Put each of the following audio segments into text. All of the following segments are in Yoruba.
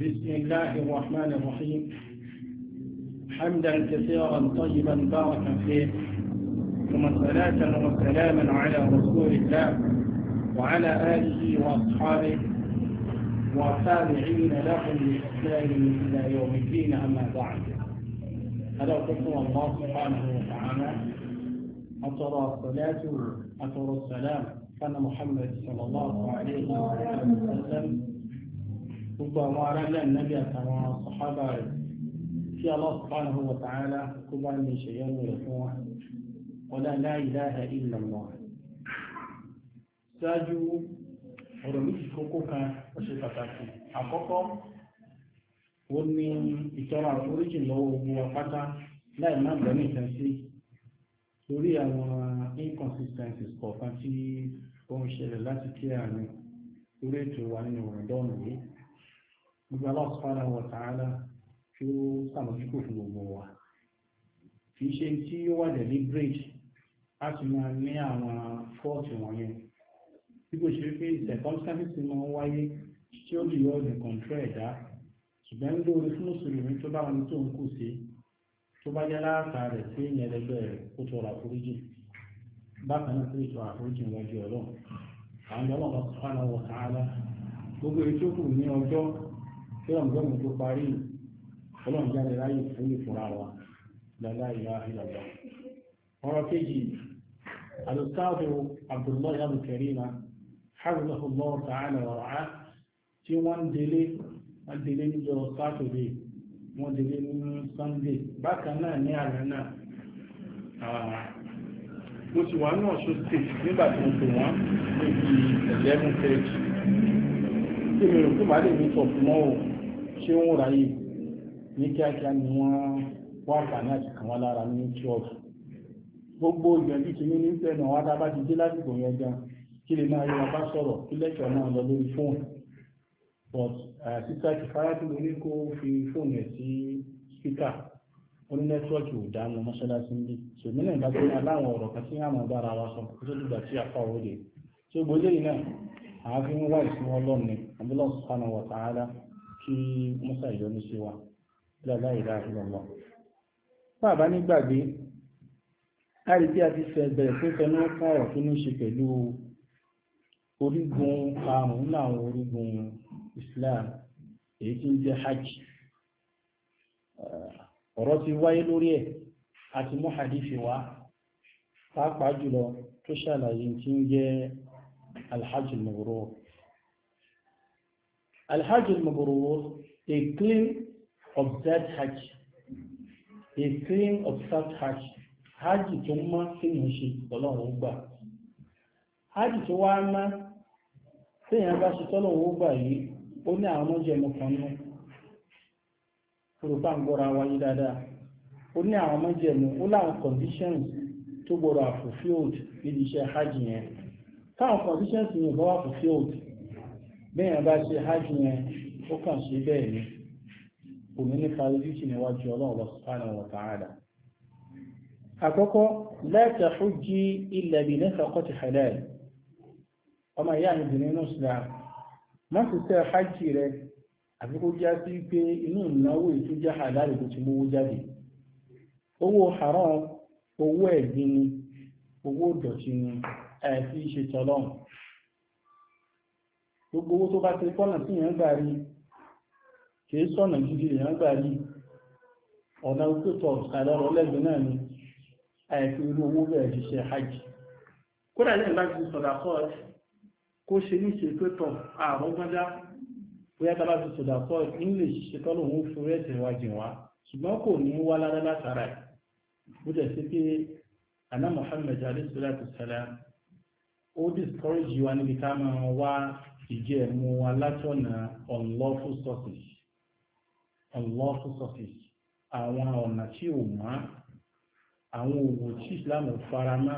بسم الله الرحمن الرحيم حمدا كثيرا طيبا باركا فيه ثم صلاة وسلاما على رسول الله وعلى آله وأصحابه وتابعين لهم بإحسان إلى يوم الدين أما بعد هذا قصر الله سبحانه وتعالى أترى الصلاة أترى السلام كان محمد صلى الله عليه وسلم gbogbo àwọn ará ilé ànábì àtàwọn sàhábà rẹ̀ kí Allah subhanahu wa ta'ala kó bá ní ìṣèyẹnu rẹ̀ fún wa ọ̀dà la ilaha illa Allah. ṣáájú ọ̀rọ̀ méjì kókó kan ó ṣe pàtàkì àkọ́kọ́ ó ní ìtọ́ra àforíjì lọ́wọ́ ogun apáta láì má gbọ́ nìkan sí lórí àwọn inconsistencies kọ̀ọ̀kan tí ó ń ṣẹlẹ̀ láti kí àárín lórí ètò wa nínú ọ̀rọ̀ dọ́ọ̀nù yìí gbogbo Allah subhanahu wa ta'ala tí ó sàmójúkò fún gbogbo wa kì í ṣe tí ó wà deliberate láti máa ní àwọn fọ́ọ̀tì wọ̀nyẹn bí kò ṣe pé circumstances máa ń wáyé tí ó lè yọ ọ̀dùn control ẹ̀dá ṣùgbọ́n lóore fún mùsùlùmí tó bá wọn tó ń kù sí tó bá jẹ́ láàkà rẹ̀ sí ìyẹn ẹlẹgbẹ́ rẹ̀ kó tọrọ àforíjì bákan náà sí ìtọ́ àforíjì wọn di ọlọ́run àwọn ọlọ́run subhanahu wa ta'ala gbogbo ètò kù ní ọjọ́ kí ọ̀gbọ́n tó parí ọlọ́run jáde ráyè fún ìfúnra wa lọ́lá ìlà ìlàlọ́. ọ̀rọ̀ kejì alùsáàbù abdullahi abukarima harulahu allah ta'ala wa tí wọ́n délé wọ́n délé níjọ sátidé wọ́n délé ní sunday bákan náà ní àná náà mo ti wà ní ọ̀ṣọ́ state nígbà tí mo pè wọ́n níbi eleven thirty tí mi rò pé màá lè mi sọ fún mọ́ ṣé ń ráyè ní kíákíá ni wọ́n wá àǹfààní àti kàn wá lára ní ṣọ́ọ̀bù gbogbo ìgbẹ̀bí ti ní ní fẹ́nà wá dá bá ti dé lásìkò yẹn gan kí lè máa yọra bá sọ̀rọ̀ kí lẹ́kọ̀ọ́ náà lọ lórí fóònù but sísá ti farati ló ní kó fi fóònù ẹ̀ sí spíkà ó ní nẹ́tíwọ́ọ̀kì ò dáa lọ mọ́ṣáláṣí ń bí ṣòmí náà ìgbàgbé ní aláwọn ọ̀rọ̀ kan tí àwọn ọba ara wa sọ kó tó dìgbà tí apá òde tí ó gbóyè yìí náà àáfin wà ìsinmi ọlọ́run ni àbúlọ̀ sùpánà wà tààlà kí musa ìyọnu sí wa lọ́lá ìlà ìlọ́lọ́ bàbá nígbàgbé láì tí a ti fẹ́ bẹ̀rẹ̀ pé fẹnú kọ̀rọ̀ tó ní ṣe pẹ̀lú orígun karùn-ún láwọn orígun Islam èyí tí ń jẹ́ hajj ọ̀rọ̀ ti wáyé lórí ẹ̀ àti mú hadithi wá pàápàá jùlọ tó ṣàlàyé tí ń jẹ́ alhajj al الحج المبرور، al-Mabrur, a clean observed Hajj. A clean observed Hajj. Hajj tó mọ́ sí mú ṣe ọlọ́run gbà. Hajj tó wá ná tí èèyàn bá ṣe tọ́lọ́run ó gbà yìí, ó ní àwọn ọmọdé ẹnu kan náà. Olùpá ń gbọ́ra dáadáa. Ó ní àwọn ọmọdé ẹnu, ó láwọn conditions tó gbọ́dọ̀ fulfilled níbi iṣẹ́ Hajj yẹn. Táwọn conditions yẹn bá wà fulfilled, bẹ́ẹ̀ bá ṣe hajj yẹn ó kàn ṣe bẹ́ẹ̀ ni nípa ojúṣe níwájú ọlọ́run subhanahu wa ta'ala àkọ́kọ́ la tahujji illa bi nafaqati ọmọ ìyá mi bìnrin náà hajj rẹ àfi kó já sí pé inú ìnáwó ètò jẹ́ ti mówó jáde owó haram owó ẹ̀gbin owó dọ̀tí ni ṣe gbogbo owó tó bá ti kọ́nà sí èèyàn gbà rí kìí sọ̀nà gidi èèyàn gbà rí ọ̀nà pípọ̀ àlọ́rọ̀ lẹ́gbẹ̀ẹ́ náà ni àìfi irú owó bẹ̀rẹ̀ ṣiṣẹ́ hajj kódà lẹ́yìn bá ti sọ̀dà kọ́ kó ṣe ní ṣe pípọ̀ àrùn gbọ́dá bóyá tá bá ti sọ̀dà kọ́ ní lè ṣiṣẹ́ tọ́lọ̀ òun fúrẹ́ tẹ̀wájì wá ṣùgbọ́n kò ní wá lára látara ẹ̀ bó dẹ̀ sí pé àná Muhammad alayhi salatu salam ó discourage wa níbi ká máa wá ìjẹ́ ẹ̀mú alátọ̀nà unlawful sources unlawful sources àwọn ọ̀nà tí ò mọ́ àwọn òwò tí Islam faramá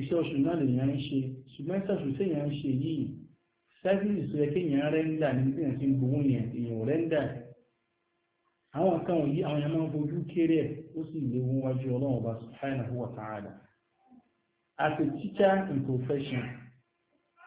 iṣẹ́ oṣù náà lèèyàn ń ṣe ṣùgbọ́n iṣẹ́ oṣù téèyàn ń ṣe yìí sẹ́fíìsì tó yẹ rẹ́ńdà ní bí èèyàn ti yẹn èèyàn rẹ́ńdà àwọn nǹkan wọ̀nyí àwọn èèyàn máa ń fojú kéré ẹ̀ ó sì léwu wájú Ọlọ́run ọba subhanahu wa ta'ala as a teacher in profession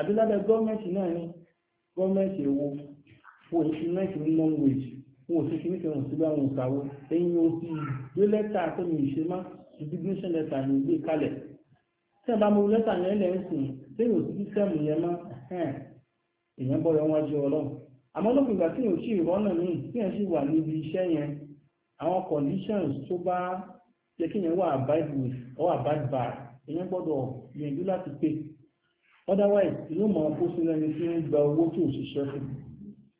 àbí lábẹ́ gọ́ọ̀mẹ̀ntì náà ní gọ́ọ̀mẹ̀ntì èwo fún ìsinmẹ́ntì ní long wage fún òṣìṣẹ́ kìíní fẹ́ràn síbẹ̀ àwọn òkàwọ́ ẹ̀yìn òsì ìgbé lẹ́tà tó ní ìṣe má resignation letter ní ìgbé kalẹ̀ tí ẹ̀ bá mú lẹ́tà yẹn lẹ́ ń sìn lẹ́yìn òsì sísẹ́mù yẹn má èèyàn bọ́ yọwọ́n jẹ́ ọlọ́run àmọ́ lópin ìgbà tí yóò sì rọ́nà míì tí yẹn sì wà níbi iṣẹ́ yẹn àwọn conditions tó bá yẹ kí yẹn wà abide with or abide by èèyàn gbọ́dọ̀ gbìyànjú láti pè otherwise yóò máa kó sínú ẹni tí ń gba owó tí ò ṣiṣẹ́ fún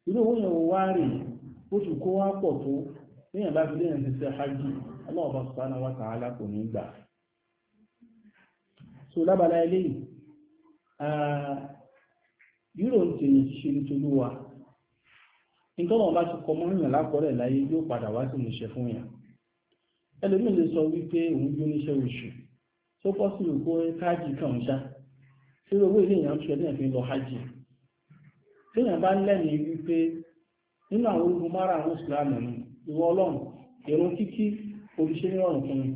irú owó yẹn wá rè ó sì kó wá pọ̀ tó léèyàn bá fi léèyàn ti ṣe hajj Allah subhanahu wa ta'ala kò ní gbà so lábala eléyìí yúrò ń tèyàn ṣe nítorí wa nítorí wọn bá ti kọ mọ́rìnà lákọọ́lẹ̀ láyé yóò padà wá sí ìṣe fún yàn ẹlòmíì lè sọ wípé òun bí oníṣẹ́ oṣù tó pọ́ sí òkú káàdì kan ṣáà tí ilé èèyàn ṣe ẹ̀dẹ́yàn fi lọ hajj tí èèyàn bá lẹ́nu wípé nínú àwọn ogun mara àwọn ìsìlámù ni ìwọ ọlọ́run ìrun kíkí òṣìṣẹ́ ní ọ̀rùn fún mi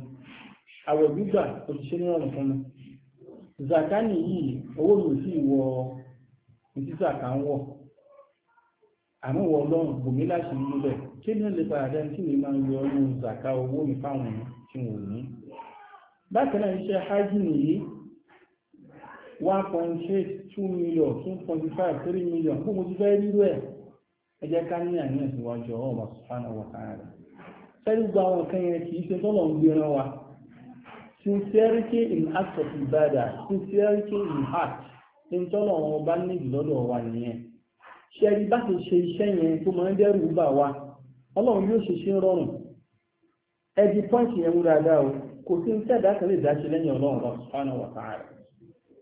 àwẹ̀ gbígbà òṣìṣẹ́ ní ọ̀rùn fún mi zakani yìí owó mi sì wọ ìtí zaka ń wọ àmọ́ ìwọ ọlọ́run bùnmí láti mú bẹ̀ kí ni lè padà tí mi máa ń yọ ọdún zaka owó mi fáwọn tí wọ́n ní bákan náà iṣẹ́ hajj nìyí one point million two point million bó mo ti fẹ́ rírú ẹ̀ ká ní gba wa sincerity in act of sincerity in heart ń tọ́lọ̀ wọn bá ní ìlọ́dọ̀ wa nìyẹn ṣe ṣe iṣẹ́ yẹn tó máa ń dẹ́rù bà wa ọlọ́run yóò ṣe ṣe ń rọrùn pọ́ǹtì yẹn o kò sí kan lè dá ṣe lẹ́yìn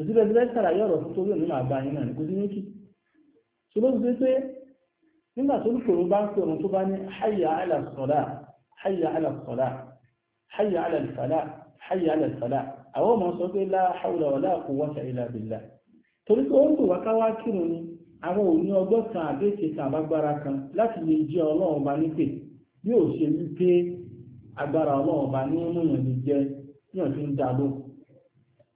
kò sí bẹ́ẹ̀ sàlàyé ọ̀rọ̀ fún torí òmìnira àgbà yín náà ní kò sí méjì ṣùgbọ́n ti pé nígbà tó lùkòrò bá ń pè òun tó bá ní hayya ala salah hayya ala salah hayya ala falah hayya ala falah àwọn ọmọ sọ pé la hawla wala quwwata illa billah torí pé ó ń wà káwá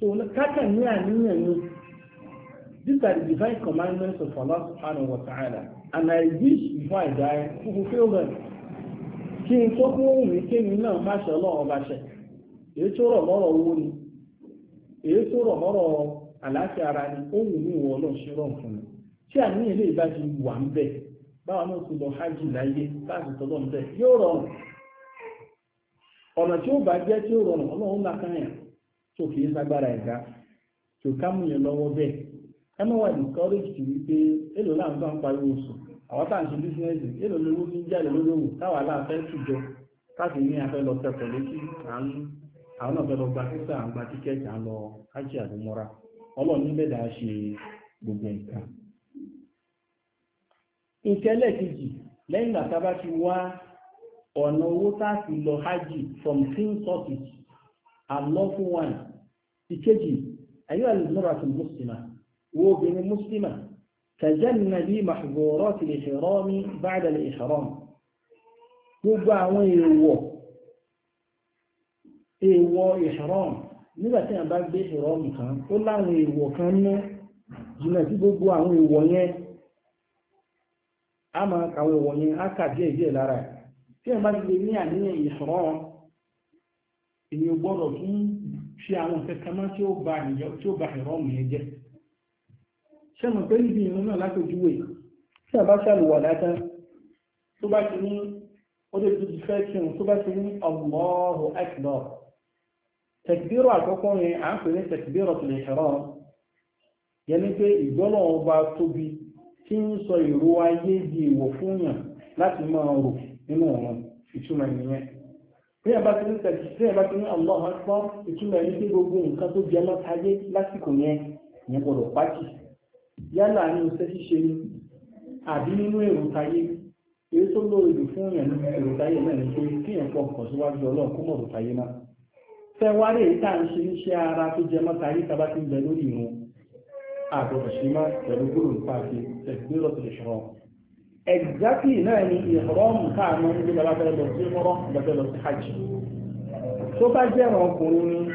so kákà ní àníyàn ni these are the divine commandments of Allah subhanahu wa ta'ala and I wish before I die to fulfill them kí n tó kún òun mi kémi náà má ṣe bá ṣe èyí tó rọ̀ owó ni tó rọ̀ àlàáfíà ara ni òun ṣe rọ̀ fún mi tí ti wà ń bẹ̀ báwa náà ti lọ hajj láyé láti tọ́lọ́ ń bẹ̀ yóò rọrùn ọ̀nà tí ó bá jẹ́ tí ó rọrùn tó fi í sagbára ẹ̀dá tó ká mú yẹn lọ́wọ́ bẹ́ẹ̀ ẹ mọ̀ wà ní kọ́rẹ́jì wípé èlò láà ń tó ń oṣù àwọn tá à ń ṣe bísíǹsì èlò lówó ní jáde lólówó táwa láà fẹ́ tùjọ káàkiri ní afẹ́ gbogbo nǹkan. lẹ́yìn ìgbà a ti wá lọ hajj from sources and lawful ones ìkejì ayọ́ alìmọ́ràtì mùsùlùmá wo obìnrin mùsùlùmá tàjánà bí mahgọ́rọ́ ti lè ṣẹ̀rọ́ ní báyìí lè ṣẹ̀rọ́ gbogbo àwọn èèwọ̀ èèwọ̀ ìṣẹ̀rọ́ nígbà tí a bá gbé ìṣẹ̀rọ́ nǹkan ó láwọn èèwọ̀ kan ní jìnà sí gbogbo àwọn èèwọ̀ yẹn a máa kàwọn èèwọ̀ yẹn á kà díẹ̀ díẹ̀ lára tí a bá ti ní àníyàn ìṣẹ̀rọ́ ìyẹn gbọ́dọ̀ fún ṣe àwọn nǹkan kan mọ́ tí ó ba ìyọ́ tí ó ba ìrọ́mù yẹn jẹ́ ṣe mọ̀ pé níbi ìrún náà látòjúwe tí a bá ṣàlùwà dáadáa tó bá ti ní ó lè ti fẹ́ kí òun tó bá ti ní Allahu Akbar tẹ̀kìdérò àkọ́kọ́ yẹn à ń pè ní tẹ̀kìdérò tó lè ṣẹ̀rọ yẹn ni pé ìgbọ́lọ̀ ọba tóbi tí ń sọ ìró ayé di ìwọ̀ fún yàn láti máa rò nínú ọ̀run ìtumọ̀ ìnìyẹn bí a bá ti ní tẹ̀sí tí a bá ti ní Allahu Akbar ìtumọ̀ ẹni tí gbogbo nǹkan tó jẹ mọ́ táyé lásìkò yẹn yẹn gbọdọ̀ pàtì yálà ní oṣẹ́ ṣíṣe ni àbí nínú èrò táyé èyí tó lóore jù fún yẹn nínú èrò táyé náà ni pé kí yẹn pọ̀ pọ̀ síwájú ọlọ́run kó mọ̀rọ̀ táyé náà fẹ́ wá rè tá à ń ṣe iṣẹ́ ara tó jẹ mọ́ táyé tá a bá ti ń bẹ lórí ìrun àgbọ̀dọ̀ ṣe má pẹ̀lú gbòòrò nípa àti ẹ̀gbẹ́ rọ̀ exactly náà ni ìrọ́mù káàmù ní bàbá fẹ́ lọ sí mọ́rọ́ bàbá fẹ́ lọ sí hajj tó bá jẹ́ ẹ̀rọ ọkùnrin ni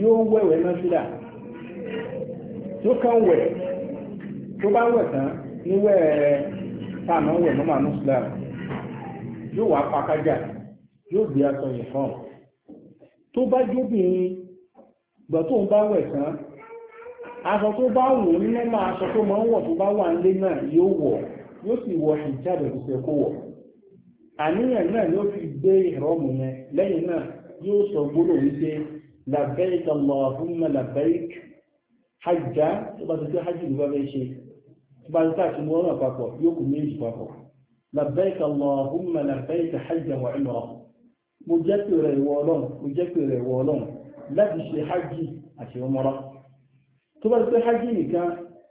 yóò wẹ̀wẹ̀ náfìlà tó kàn wẹ̀ tó bá wẹ̀ tán níwẹ̀ káàmù wẹ̀ mọ́mọ́ muslim yóò wá pàkájà yóò gbé aṣọ ìfọ́n tó bá jóbìnrin gbọ́ tó ń bá wẹ̀ tán aṣọ tó bá wù ní mẹ́mà aṣọ tó máa ń wọ̀ tó bá wà nílé náà yóò wọ̀ yóò sì wọ hijab tó fẹ́ kó wọ̀ àníyàn náà yóò fi gbé ìrọ́mù yẹn lẹ́yìn náà yóò sọ gbólóhùn wípé labbaik allahumma labbaik hajjá tó bá ti tó hajj ló bá fẹ́ ṣe tó bá ti tó àti mọ́rán àpapọ̀ yóò kù méjì papọ̀ labbaik allahumma labbaik hajjá wa umra mo jẹ́ pé ìwọ ọlọ́run mo jẹ́ pé ìwọ ọlọ́run láti ṣe hajj àti umra tó bá ti tó hajj nìkan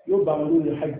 yóò bá wọn lórí hajj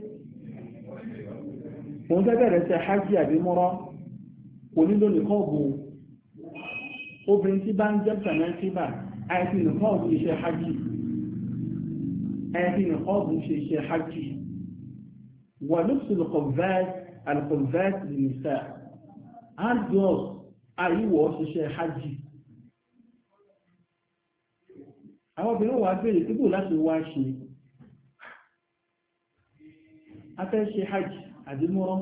òun fẹ́ bẹ̀rẹ̀ ṣe hajj àbí múrọ́ kò nílò nìkan ọ̀bùn obìnrin tí bá ń jẹ́ sàmẹ́síbà àìsí nìkan ọ̀bùn iṣẹ́ hajj àìsí nìkan ọ̀bùn ṣe iṣẹ́ hajj wà lóṣù lọ́kọ̀vẹ́t alkọ̀vẹ́t nìṣà adùn àyíwọ̀ ṣiṣẹ́ hajj àwọn ṣe afẹ́ àbí mọ́rọ́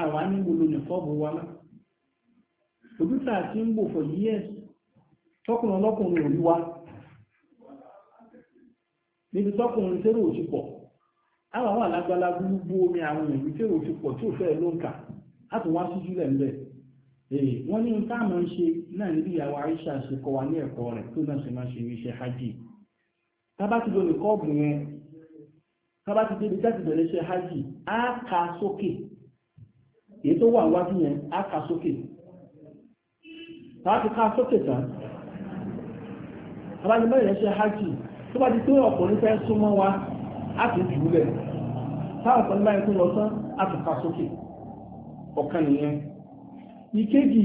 àwa ní gbogbo nìfọ́ọ̀bù wa lá òbítà tí ń bò for years tọkùnrin ọlọ́kùnrin òrí wa níbi tọkùnrin tẹ́rù òsì pọ̀ àwọn àwọn alágbálá gbogbo omi àwọn èèyàn tẹ́rù òsì pọ̀ tí ò fẹ́ ló ń kà á tún wá sí jùlẹ̀ ńbẹ̀ èyí wọ́n ní nǹkan kábà ti débi tẹ́sì bẹ̀rẹ̀ ṣe hajj á ka sókè èyí tó wà wájú yẹn á ka sókè tàbí ká sókè tán kábà ti bẹ̀rẹ̀ ṣe hajj tó bá ti tó ọkùnrin fẹ́ súnmọ́ wa á ti jùlẹ̀ táwọn ọkùnrin báyìí tó lọ tán á ti ka sókè ọ̀kan nìyẹn ìkejì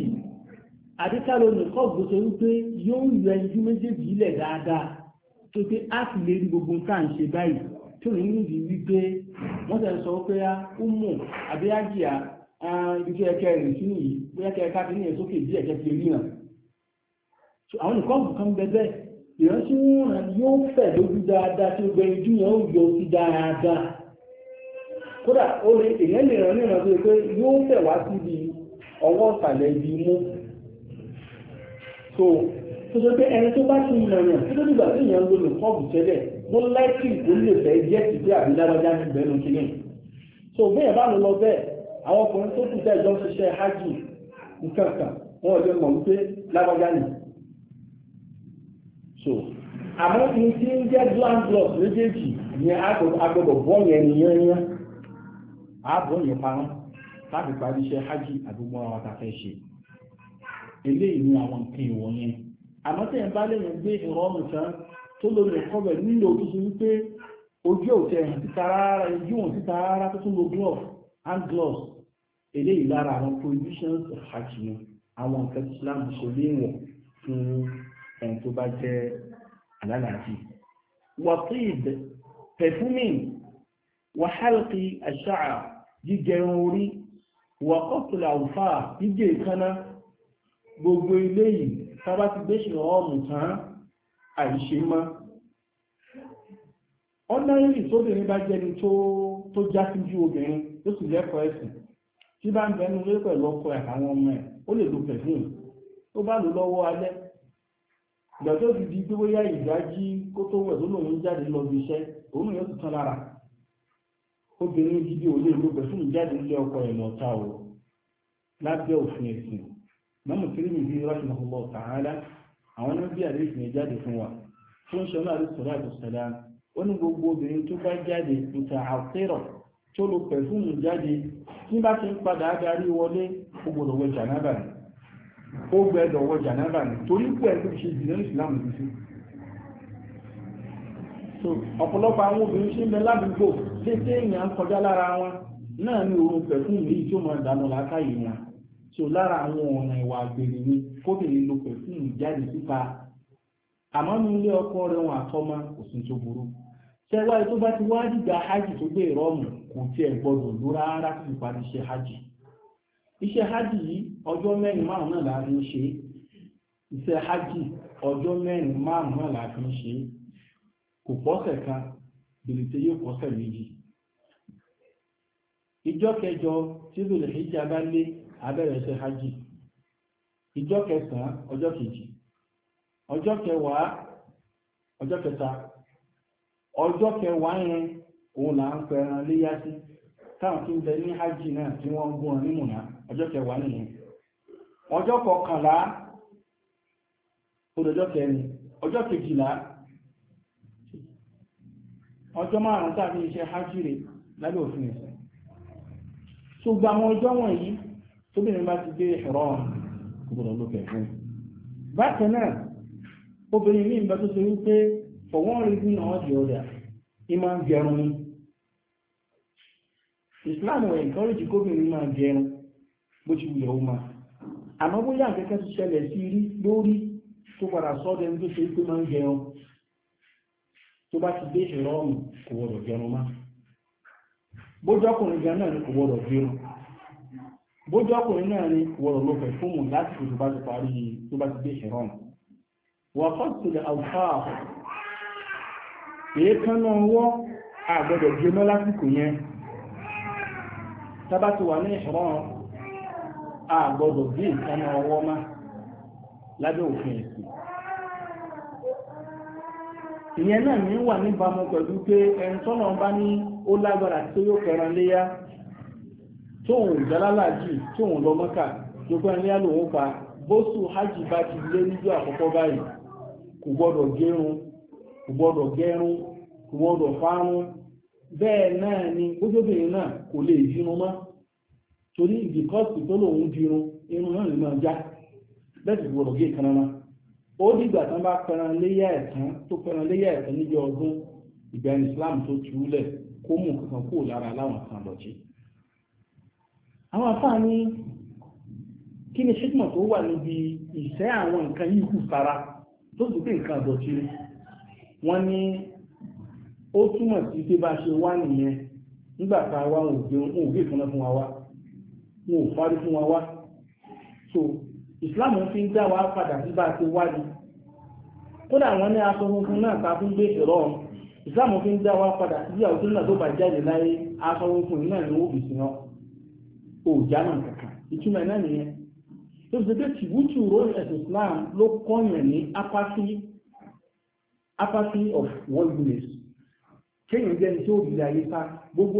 àdíkàlò nìkan gbèsè wípé yóò yọ ẹjú méjèèjì ilẹ̀ dáadáa tó pé á sì lè gbogbo nǹkan ṣe báyìí tí ò ní níbi wípé wọ́n tẹ̀ sọ pé á ó ibi tí ẹkẹ rìn sínú yìí bóyá kẹ ká fi ní sókè bí ẹ̀kẹ́ fi rí àwọn nǹkan kan bẹ ìrántí wọn yóò fẹ̀ lójú dáadáa tí ó gbẹ̀yìn jù yẹn ó yọ sí dáadáa kódà ó lè èèyàn lè ràn ní ìrántí pé yóò fẹ̀ wá síbi ọwọ́ ìsàlẹ̀ ibi mú so tó sọ pé ẹni tó bá ti yàn yàn tó tó dìgbà tí ń lo ó lẹ́sì ó lè fẹ́ jẹ́ ìgbé àbí lágbájá ní ìgbẹ́nu kìíní so bẹ́ẹ̀ bá lọ lọ bẹ́ẹ̀ àwọn ọkùnrin tó kù bẹ́ẹ̀ jọ ń ṣiṣẹ́ hajj nǹkan kan wọ́n lè mọ̀ wípé lágbájá ni so àmọ́ ní tí ń jẹ́ landlord méjèèjì yẹn agbọ́dọ̀ bọ́ yẹn nìyẹn yẹn ààbò yẹn parán láti parí iṣẹ́ hajj àdúgbò àwọn àtàfẹ́ ṣe eléyìí ni àwọn nǹkan ìwọ̀nyẹn àmọ́ tẹ̀ ń bá lè gbé ìrọ̀rùn tán tó lórí ẹ̀kọ́ bẹ̀ nílò ojú sí wípé ojú òtẹ́ ẹ̀hàn títa rárá ojú òun títa rárá tó tún lo glove hand gloves eléyìí lára àwọn prohibitions of hajj ni àwọn nǹkan tí Islam ṣe léèwọ̀ fún ẹni tó bá jẹ́ alálàájì wàtíìd pẹ̀fúmìn wàhálìkì àṣàà jíjẹun orí wàkọ́tùlà òfà jíjẹ ìkánná gbogbo eléyìí tábà ti gbé ṣìrọ̀ ọ̀mù tán àìṣe mọ́ ọ́nàrìlì tóbìnrin bá jẹ́ni tó já sí ju obìnrin tó sì ẹ̀sìn tí bá ń bẹnu lé pẹ̀lú ọkọ ẹ̀ àwọn ọmọ ẹ̀ ó lè lo pẹ̀fún tó bá lò lọ́wọ́ alẹ́ ti di pé bóyá ìdájí kó tó wẹ̀ tó lòun jáde lọ bí iṣẹ́ òun yóò ti tán lára obìnrin gidi ò lè lo jáde lé ẹ̀ o lábẹ́ òfin ẹ̀sìn mọ́mù bíi àwọn ló bí àdéhùn yẹn jáde fún wa fún ṣọlá àti sọlá àti sọlá ó ní gbogbo obìnrin tó bá jáde ìta àtẹrọ tó lo pẹfúmù jáde tí bá ti ń padà adarí wọlé ó gbọ́dọ̀ wọ jànábà ni ó gbẹ́dọ̀ wọ jànábà ni torí pé ẹ ṣe jìnnà ìsìlámù tuntun so ọ̀pọ̀lọpọ̀ àwọn obìnrin ṣe ń bẹ ládùúgbò léṣe èèyàn kọjá lára wọn náà ní orun pẹfúmù yìí tó máa dànù làákàyè wọn so lára àwọn ọ̀nà ìwà àgbèrè ni kóbìnrin lo pẹ̀fúmù jáde síta àmọ́ ní ilé ọkọ rẹ̀ wọn àtọ́mọ́ kò sí tó burú tẹ́wáyé tó bá ti wá dìgbà hajj tó gbé ìrọ́mù kò tiẹ̀ gbọdọ̀ ló rárá kí iṣẹ́ hajj iṣẹ́ hajj yìí ọjọ́ mẹ́rin márùn la la fi ń kò pọ́sẹ̀ kan yóò pọ́sẹ̀ méjì ìjọ kẹjọ tí lòlẹ̀ hijab abẹ́rẹ́ ṣe hajj ìjọ kẹsàn-án ọjọ́ kejì ọjọ́ kẹwàá ọjọ́ kẹta ọjọ́ kẹwàá yẹn òun là ń léyá sí táwọn tí ń bẹ ní hajj náà tí wọ́n ń gún ọ ní mùnà ọjọ́ kẹwàá nìyẹn ọjọ́ kọkànlá odòjọ́ kẹrin ọjọ́ kejìlá ọjọ́ márùn-ún tàbí tóbìnrin bá ti dé ìṣòro kò gbọdọ̀ lókè fún bákan náà obìnrin ní ìgbà tó ṣe for one reason or the other ìmọ̀ jẹun Islam ò encourage gómìnà máa jẹun bó ti wùyẹ̀ ó máa àmọ́ bóyá àkẹ́kẹ́ ti ṣẹlẹ̀ sí rí lórí tó padà sọ́dọ̀ ẹni tó ṣe pé máa ń jẹun tó bá ti dé ìṣòro kò gbọdọ̀ máa bójọ́kùnrin gan náà ni kò gbọdọ̀ bójú ọkùnrin náà ni wọ̀rọ̀ ló fẹ̀ fún mù láti fi tó bá ti parí tó bá ti dé ìrọ̀n wà fọ́tù lè àwùfà èékánná ọwọ́ àgbẹ̀dẹ̀ di ọmọ lásìkò yẹn tábà ti wà ní ìrọ̀n àgbọ̀dọ̀ bí ìkánná ọwọ́ má lábẹ́ òfin ẹ̀sìn ìyẹn náà ní wà níbàámu pẹ̀lú pé ẹni tọ́nà bá ní ó lágbára tí ó yóò kẹran léyà tóun ìjálálàjì tóun lọ mọ́kà tó gbá pa hajj bá ti lé níjọ́ àkọ́kọ́ báyìí kò gbọ́dọ̀ gerun kò gbọ́dọ̀ gẹrun kò gbọ́dọ̀ fárun bẹ́ẹ̀ náà ni gbójóbìnrin náà kò lè dirun mọ́ torí ìdíkọ́sì tó lòun irun náà máa já bẹ́ẹ̀ gbọ́dọ̀ gé náà ó dìgbà tán bá pẹran Islam tó túlẹ̀ kó mú nǹkan kúrò lára láwọn kan àwọn afáà ní kí ni ṣíkmọ̀ tó wà níbi ìṣẹ́ àwọn nǹkan yìí kù sára tó sì pé nǹkan àdọ̀tí wọ́n ní ó túmọ̀ sí pé bá ṣe wá nìyẹn wọn ò fún wa wá wọn ò fárí fún wa wá so Islam fi ń dá wa padà sí bá a ṣe wá ni kódà àwọn ní aṣọ funfun náà ta fún gbé ìrọ̀ Islam fi ń dá wa padà sí bí àwùjọ náà tó bá jáde láyé aṣọ funfun náà ò jámà kaka ìtumọ̀ náà nìyẹn tó fi pé tìwútù role as Islam lo kọnyere ni apathy apathy of worldliness kéèyàn jẹ́ ní tí ó rí ayé pa gbogbo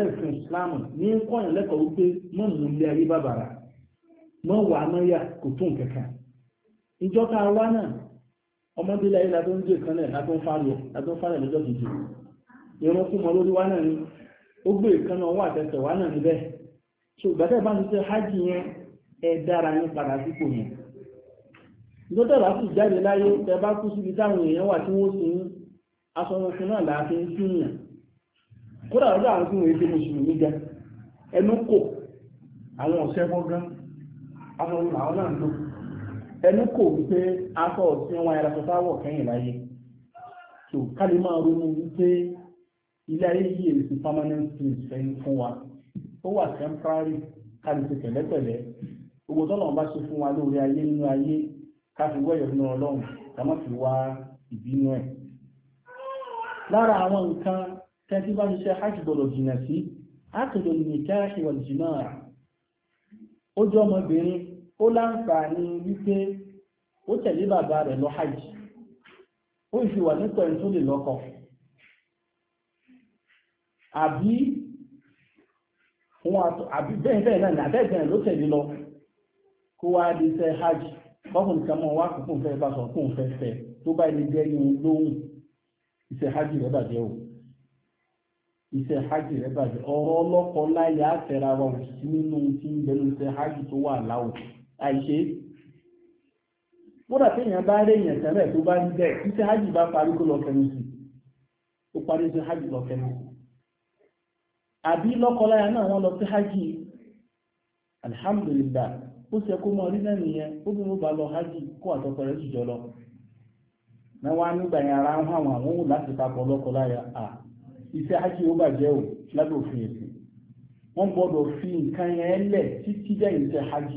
ẹ̀sìn Islam ní kọ́yàn lẹ́kọ̀ọ́ wípé mọ́ mú ilé ayé bàbàrà mọ́ wà á mọ́yà kò tún kankan ìjọba wa náà ọmọdé la tó ń dé kan náà la tó ń la tó ń lọ́jọ́ lórí náà ni ó gbé so gbàtẹ́ bá ti ṣe hajj yẹn ẹ dára yín padà sípò yẹn lọ́tọ̀lá sì jáde láyé tẹ bá kú síbi táwọn èèyàn wà tí wọ́n sì ń aṣọ ọmọkùnrin náà láàfin súnyàn kódà lọ́dọ̀ àwọn tí wọ́n èdè mùsùlùmí gan ẹnu kò àwọn ọ̀sẹ́ fọ́gán aṣọ ọmọ àwọn náà lò ẹnu kò wípé wọn so ká máa ronú wípé ilé ayé yìí èsì permanent fún wa ó wà temporary kálífì pẹ̀lẹ́pẹ̀lẹ́ gbogbo tọ́lọ̀ bá ṣe fún wa lórí ayé nínú ayé ká fi wẹ́yọ̀ nínú ọlọ́run ká má fi wá ìbínú ẹ̀ lára àwọn nǹkan tẹ́tí bá ṣiṣẹ́ hajj gbọ́dọ̀ jìnà sí ákèdè nìkẹ́ ìwọ̀n jìnà ó jẹ́ ọmọbìnrin ó láǹfààní wípé ó tẹ̀lé bàbá rẹ̀ lọ hajj ó sì wà nípa ẹni tó lè lọ́kọ àbí fún àbí bẹ́ẹ̀ bẹ́ẹ̀ náà ní àtẹ́gbẹ̀rẹ̀ ló tẹ̀lé lọ kó wá di sẹ́ hajj kọ́kùnrin kan mọ́ wá kùnkùn fẹ́ bá sọ kùn fẹ́ fẹ́ tó bá ilé jẹ́ ní lóhùn iṣẹ́ hajj rẹ̀ bàjẹ́ o iṣẹ́ hajj rẹ̀ bàjẹ́ ọ̀rọ̀ ọlọ́kọ láyà àtẹ̀ra wa ò sí nínú tí ń bẹnu iṣẹ́ hajj tó wà láwò àìṣe kódà téèyàn bá rí èèyàn tẹ́lẹ̀ tó bá ń bẹ̀ iṣẹ́ hajj bá parí kó lọ kẹnu sí ó parí iṣẹ́ hajj lọ kẹnu sí àbí lọ́kọláya náà wọ́n lọ sí hajj alhamdulillah ó ṣe kó mọ́ orílẹ̀ nìyẹn ó bí mo bá lọ hajj kó àtọ́kọ rẹ̀ jùjọ lọ náà nígbà yẹn ara ń hàn àwọn òun láti papọ̀ à iṣẹ́ hajj ó bàjẹ́ ò lábẹ́ òfin ẹ̀sìn wọ́n gbọ́dọ̀ fi nǹkan yẹn lẹ̀ títí dẹ́ iṣẹ́ hajj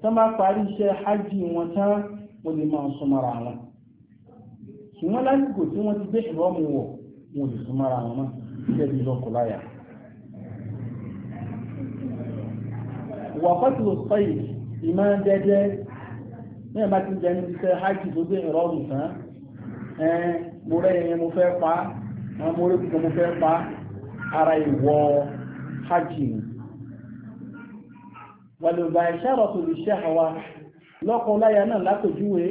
tó máa parí iṣẹ́ hajj wọn tán lè máa wọn ṣùgbọ́n lásìkò tí wọ́n ti gbé ìrọ́mù wọ̀ wà fásitì sọ́yì ìmọ̀ dẹ́dẹ́ ní ẹ̀ma ti jẹ́ níbi iṣẹ́ hajj tó gbé ìrọ̀rùn tán ẹ̀ẹ́n mo rẹ̀ yẹn mo fẹ́ pa àwọn mo rẹ̀ kúkọ mo fẹ́ pa ara ìwọ hajj ni. wàlúùbà ìṣàrọ̀ tó lè ṣe àwa lọ́kọ̀ láyà náà látòjúwe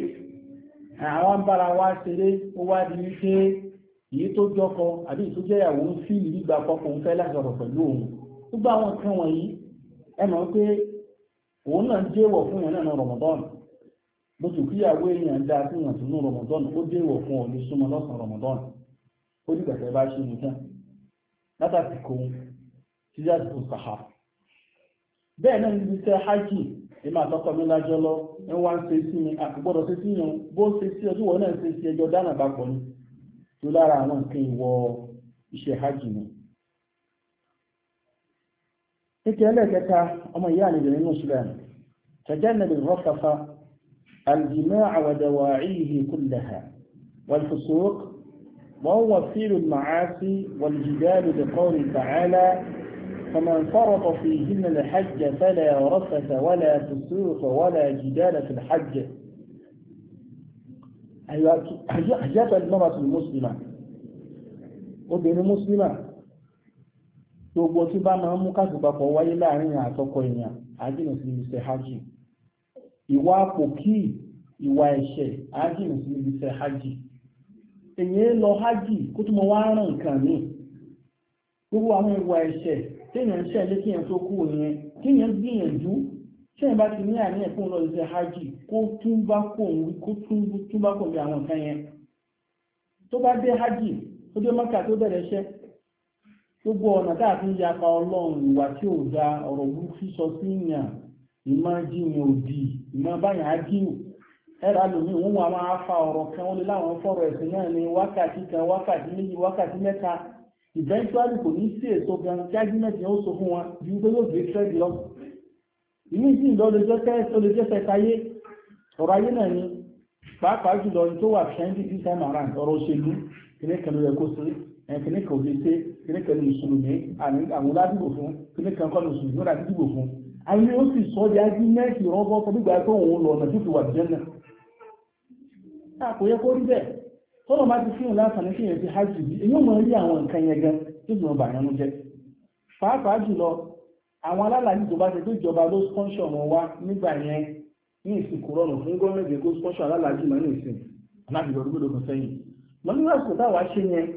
àwọn ń bára wa ṣeré ó wá di wípé èyí tó jọkọ àbí ìtújẹ́yàwó ń fi ìlú gbà pọkùn fẹ́ láti ọ̀rọ̀ pẹ̀lú òun gbogbo àwọn nǹkan wọ̀nyí ẹmọ̀ pé òun náà jẹ́wọ̀ fún yẹn náà Ramadan bó ti kíyàwó èèyàn dáa sí yàn sínú Ramadan ó jẹ́wọ̀ fún ọ̀lẹ́ súnmọ́ lọ́sàn Ramadan ó ní gbàgbẹ́ bá ṣe nìkan látàkì kó síjà tó sàhà bẹ́ẹ̀ náà níbi tẹ́ hajj èmi àtọ́kọ mi lájọ́ lọ ń wá ń ṣe sí mi ṣe sí yàn bó ṣe sí ọdún wọn náà ṣe sí ẹjọ́ bá pọ̀ ní tó hajj ni nítorí ẹlẹ́ẹ̀kẹta ọmọ ìyá تجنب الرفث الجماع ودواعيه كلها والفسوق وهو فعل المعاصي والجدال بقوله تعالى فمن فرط فيهن الحج فلا رفث ولا فسوق ولا جدال في الحج أيها المرأة المسلمة وبين مسلمة gbogbo tí bá máa ń mú kásìpapọ̀ wáyé láàrin àtọkọ èèyàn ájìnà sí iṣẹ́ hajj ìwà àpòkí ìwà ẹ̀ṣẹ̀ ájìnà sí iṣẹ́ hajj èyàn lọ hajj kó tó mọ wá ràn nǹkan míì gbogbo àwọn ìwà ẹ̀ṣẹ̀ téèyàn ń ṣẹlé kéèyàn tó kú yẹn kéèyàn gbìyànjú téèyàn bá ti ní àníyàn kó ń lọ iṣẹ́ hajj kó tún bá kó tún bá kó bí àwọn nǹkan yẹn tó bá dé hajj tó dé mọ́kà tó bẹ̀rẹ̀ iṣẹ́ gbogbo ọ̀nà káàfin yapa ọlọ́run ìwà tí ò da ọ̀rọ̀ burúkú sọ sí ìyàn ìmọ̀ jíyàn òdì ìmọ̀ báyàn ágíwò ẹ̀rọ alòmí òun wà máa fa ọ̀rọ̀ kan wọlé láwọn fọ́rọ̀ ẹ̀sìn náà ní wákàtí kan wákàtí méjì wákàtí mẹ́ta eventually kò ní sí èso gan jágínẹ̀tì ó sọ fún wọn ju pé yóò gbé trade lọ ìní sí ìlọ lè jẹ́ tẹ́ẹ̀ tó lè jẹ́ tẹ́tayé ọ̀rọ̀ ayé náà ni pàápàá jùlọ tó wà fẹ́ńdì this time ọ̀rọ̀ òṣèlú ilé kan yẹ kó sí ẹ̀kìní kan ò lè ṣe kìní kan ní mùsùlùmí àwọn ládùúgbò fún kìní kan kọ́ ní mùsùlùmí náà dídùgbò fún ayé ó sì sọ di ajímẹ́ẹ̀kì rọ́bọ́ tó nígbà tó òun lọ ọ̀nà tó fi wà jẹ́ náà kò yẹ kó rí bẹ́ẹ̀ tọ́lọ̀ bá ti fíhùn láǹfààní sí ìyẹn ti hajj bí èyí ò mọ̀ rí àwọn nǹkan yẹn gan tó sì mọ̀ bàyánú jẹ́ pàápàá jùlọ àwọn alálàájì tó bá ṣe tó ìjọba ló sponsor wọn wá nígbà yẹn ní ìsìnkú rọrùn fún gómìnà kó sponsor alálàájì mọ́ ní ìsìn alábìlọ́dúgbòdò kan sẹ́yìn mọ́ nígbà tó dáwà ṣe yẹn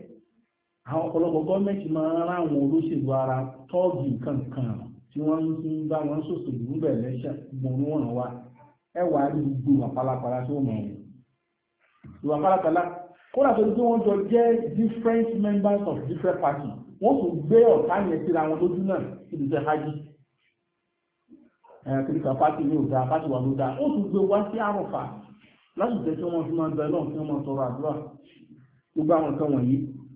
àwọn ọ̀pọ̀lọpọ̀ gọ́ọ̀mẹ̀ntì máa ń ráwọn olóṣèlú ara tọ́ọ̀gì kankan tí wọ́n ń bá wọn sòṣèlú ń bẹ̀ lẹ́sẹ̀ gbòòrò wọn wá ẹ wà á rí gbogbo ìwà pálapàla tó mọ̀ wọn. ìwà pálapàla kódà tó tí wọ́n jọ jẹ́ different members of different parties wọ́n tún gbé ọ̀tá yẹn síra wọn lójú náà síbi tẹ́ hajj kìrìkà pàtì ní òdá pàtì wà lódá ó tún gbé wá sí àrùfà láti jẹ́ kí wọ́n fi máa bẹ̀rẹ̀ náà kí wọ́n máa tọrọ àdúrà gbogbo àwọn nǹkan wọ̀nyí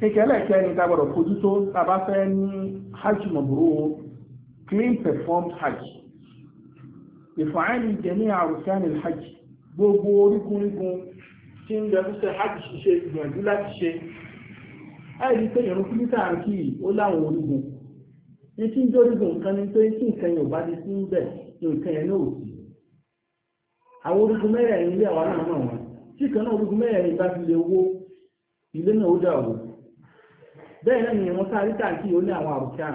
kékeré kẹrin tá a gbọ́dọ̀ fojú tó tá a bá fẹ́ ní hajj mabrur clean performed hajj ìfàáyìn jẹ̀mí àrùkánì hajj gbogbo oríkúnríkún tí ń gbẹ̀mísẹ̀ hajj ṣiṣẹ́ ìgbìyànjú láti ṣe àìrí pé ìrún kílítà àǹkì ó láwọn orígun ní tí ń dórígun nǹkan ní pé kí nǹkan yóò bá di sí ń bẹ̀ nǹkan yẹn náà sí àwọn orígun mẹ́rẹ̀ẹ̀rin ilé àwa náà wọn tí kan náà orígun mẹ́rẹ̀ẹ̀rin bá ti lè wó ilé náà ó dà wò bẹ́ẹ̀ náà ni ìwọ̀n sáré káàkiri ó ní àwọn àrùkà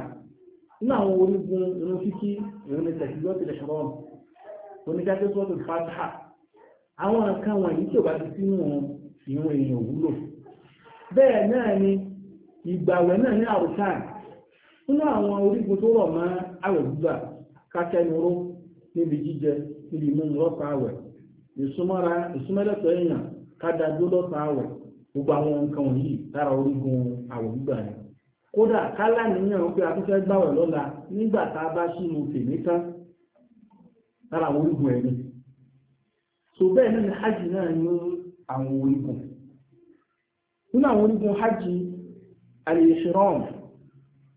nínú àwọn orígun irun kíkí ìrún ní tẹ̀sígbọ́ ti lẹ̀ṣọ́ oníkájẹ́ tó ti fàtà àwọn nǹkan wọ̀nyí tí ò bá ti sínú èèyàn wúlò bẹ́ẹ̀ náà ni ìgbàwẹ̀ náà ní àrùkà nínú àwọn orígun tó rọ̀ mọ́ àwẹ̀ kákẹ́nuró níbi jíjẹ níbi lọ́sàáwẹ̀ gbogbo àwọn nǹkan wọ̀nyí lára orígun àwẹ̀ gbígbà ni kódà kálá nìyàn pé afẹ́fẹ́ gbàwẹ̀ lọ́la nígbà tá a bá sínú tèmi tán lára àwọn orígun ẹ̀mí so bẹ́ẹ̀ náà ni hajj náà ní àwọn orígun nínú àwọn orígun hajj al-ihram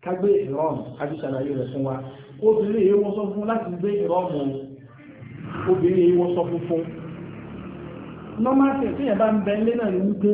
kágbé ihram hajj ṣàlàyé rẹ̀ fún wa obìnrin èyí wọ́n sọ fún láti gbé ihram obìnrin èyí wọ́n sọ fún fún normal thing tí yẹn bá ń bẹ nílé náà ni wípé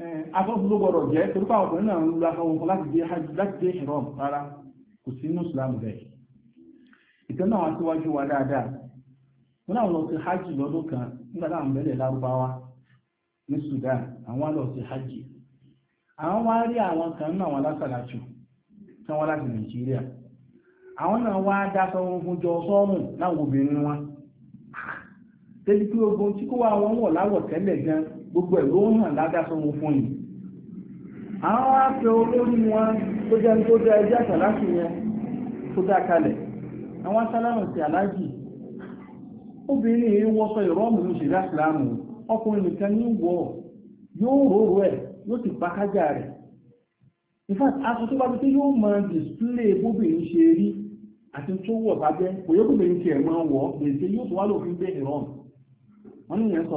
Eh, afọ́fún ló gbọ́dọ̀ torí pàwọn ọkùnrin náà ń lu afọ́fún kan láti dé hajj láti dé ìrọ̀m rárá kò sí inú ìsìlámù rẹ̀ ìtàn náà wá síwájú wa dáadáa wọn náà lọ sí hajj lọ́dún kan nígbà táwọn mẹ́lẹ̀ lárúbáwá ní Sudan àwọn hajj àwọn wá rí àwọn kan náà wọn lásàlàjù láti Nàìjíríà àwọn náà wá dá sọrun fún jọ láwọn obìnrin wọn débi gbogbo ẹ̀ ló ń hàn lágásọ́wọ́ fún yìí àwọn afẹ́ olórí wọn tó jẹ́ tó jẹ́ ẹjẹ́ àtàláṣì yẹn tó dá kalẹ̀ àwọn aláàjì obìnrin yìí ìrọ́mù ní ṣe ọkùnrin nìkan ní wọ́ yóò ẹ̀ yóò ti kájà rẹ̀ in fact aṣọ tó bá tó yóò máa bóbìnrin ṣe rí àti tó wọ̀ bá jẹ́ kò yóò bóbìnrin ti ẹ̀ máa wọ̀ gbèsè yóò tó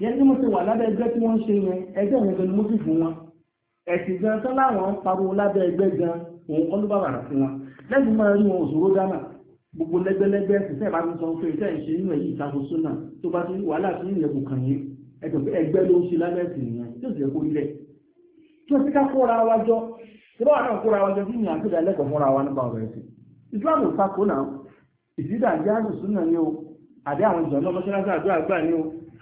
yẹn tí mo ti wà lábẹ́ ẹgbẹ́ tí wọ́n ń ṣe yẹn ẹgbẹ́ yẹn gan ni mo sì fún wọn ẹ̀sìn gan tán láwọn ń pariwo lábẹ́ ẹgbẹ́ gan òun kọ́ ló bá wàrà fún wọn lẹ́yìn máa rí wọn òṣòro dáná gbogbo lẹ́gbẹ́lẹ́gbẹ́ ṣiṣẹ́ bá tún sọ pé iṣẹ́ ìṣe inú ẹ̀yìn ìtako súnà tó bá tún wàhálà tún ìyẹn kò kàn yín ẹ̀tọ́ pé ẹgbẹ́ ló ń ṣe lábẹ́ ẹ̀sìn yẹn tó sì yẹ kó ilẹ̀ tí ó sì ká kóra wa jọ tí wọ́n náà kóra wa jọ fún ìyàn àti ìdálẹ́kọ̀ọ́ fúnra wa nípa ọ̀rọ̀ ẹ̀sìn Islam ò takò náà ìdídà jẹ́ àṣùsùn náà ni o àdé àwọn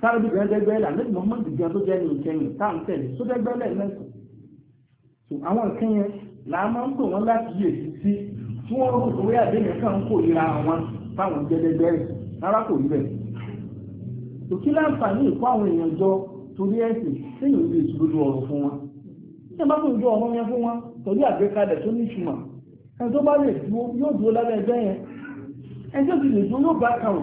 sárébì gan dẹ́gbẹ́lẹ̀ àlejò Muhammad gan tó jẹ́ ní ìkẹyìn tá à ń tẹ̀lé tó dẹ́gbẹ́lẹ̀ mẹ́sàn so àwọn nǹkan yẹn là á máa ń pè wọ́n láti yè sí sí tí wọ́n rò pé àdéhùn kan ń kórìíra àwọn táwọn jẹ́ dẹ́gbẹ́lẹ̀ rárá kò rí bẹ́ẹ̀ so kí láǹfààní ìkó àwọn èèyàn jọ torí ẹ̀sìn téèyàn lè ṣòdodo ọ̀rọ̀ fún wọn tí ẹ bá fún ìjọ ọ̀rọ̀ yẹn fún wọn torí àgbékalẹ̀ tó ní ìṣùmọ̀ ẹni tó bá lè dúró yóò dúró lábẹ́ ẹgbẹ́ yẹn ẹni tó ti lè dúró yóò bá kàwé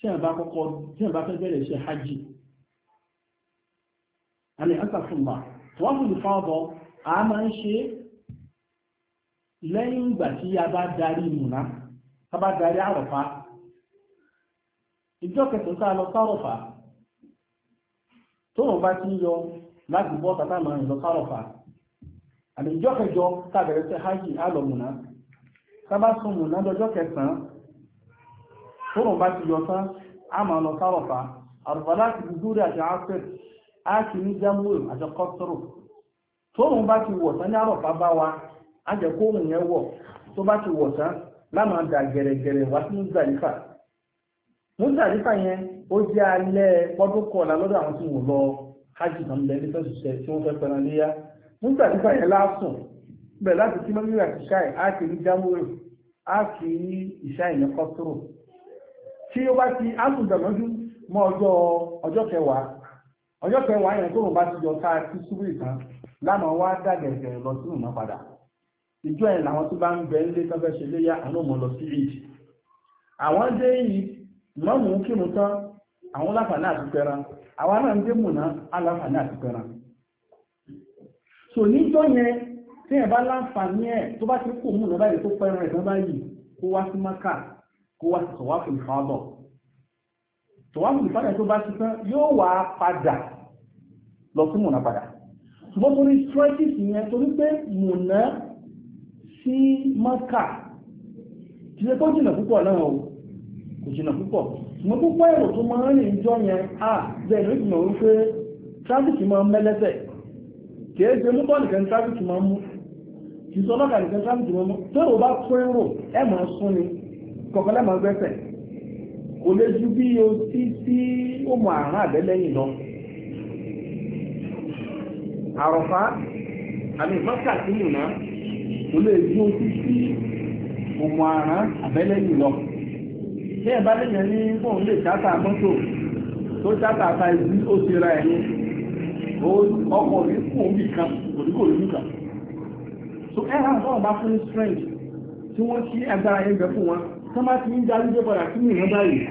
tí a bá kọ́kọ́ tí a bá fẹ́ bẹ̀rẹ̀ ṣe hajji àmì àtàkùnmà wọ́n a máa ń ṣe lẹ́yìn ìgbà tí a bá darí múná a bá darí àrọ̀fá ìjọ kẹsàn lọ sárọ̀fá tó rọ̀ bá ti yọ láti bọ́ àmì ìjọ kẹjọ tàbẹ̀rẹ̀ ṣe hajji bá sún múná lọ́jọ́ kẹsàn-án tóòrùn bá ti yọ a máa gúgúrí àti a ní jamuel àti kọ́sọ̀rọ̀ bá ti ní bá wa a jẹ́ kóòrùn yẹn wọ̀ tó bá ti wọ̀ tán lámàá gẹ̀rẹ̀gẹ̀rẹ̀ wá sí mùsàlífà mùsàlífà yẹn ó jẹ́ alẹ́ pọ́dún lọ́dọ̀ àwọn tí wọ́n lọ lẹ́ ní fẹ́sùsẹ́ tí wọ́n fẹ́ yẹn lásùn bẹ̀rẹ̀ láti kí mọ́mí àti ṣáì tí ó bá ti ámùdàmọ́jú mọ́ ọjọ́ ọjọ́ kẹwàá ọjọ́ kẹwàá yẹn tó rùn bá ti yọ ká tí súbú ìtàn lánàá lọ si mọ́ padà ìjọ ẹ̀ làwọn tó bá ń bẹ ń lé tán ṣe léyà àwọn ọmọ lọ sí àwọn dé yìí tán àwọn àti àwọn náà ń dé mùnà àti so yẹn tí bá láǹfààní tó bá kó wá sí tọ̀wáfù ìfàbọ̀ tọ̀wáfù ìfàbọ̀ tó bá ti tán yóò wá padà lọ sí mùnà padà ṣùgbọ́n torí stretches yẹn torí pé mùnà sí mọ́kà ti ṣe tó jìnà púpọ̀ náà o kò jìnà púpọ̀ ṣùgbọ́n púpọ̀ èrò tó máa ń rìn jọ yẹn a bẹ́ẹ̀ ló jìnà wípé traffic máa ń mẹ́lẹ́sẹ̀ kìí ṣe mú tọ́ nìkan traffic máa ń mú kìí sọ lọ́kà nìkan traffic máa ń mú tó bá tún èrò ẹ̀ máa sún ni kọ̀ọ̀kan lẹ́mọ̀ gbẹ́sẹ̀ kò lè ju bí o tí tí ó mọ àrùn àbẹ́lẹ́yìn lọ àrọ̀fá àmì ìfọ́sà sí ìrìnà kò lè ju o tí tí ó mọ àrùn àbẹ́lẹ́yìn lọ bí ẹ̀ bá lẹ́yìn ní fóun lè ṣáta mọ́tò tó ṣáta ta ìlú ó ti ra ẹ̀yìn ọkọ̀ rí fún omi kan òdúgbò ìlú kan so ẹ̀rọ àwọn ọba fún strength tí wọ́n ṣí agbára yẹn bẹ fún wọn tán ti ń darí jẹ́ padà sínú ìran báyìí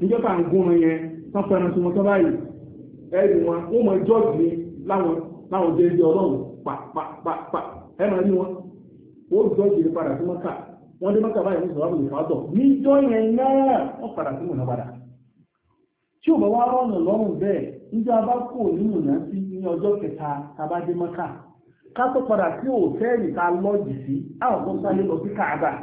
níjọba ń gún wọn yẹn tán fẹ́ràn sí wọn tán báyìí ẹ̀rù wọn ó mọ jọ́ọ̀gì ni láwọn jẹ́ ibi ọlọ́run pàpàpàpà ẹ máa wọn ó padà sí wọ́n dé báyìí sọ̀rọ̀ níjọ́ yẹn náà wọ́n padà sí padà tí ò bá wá lọ́rùn bẹ́ẹ̀ níjọ́ abá kò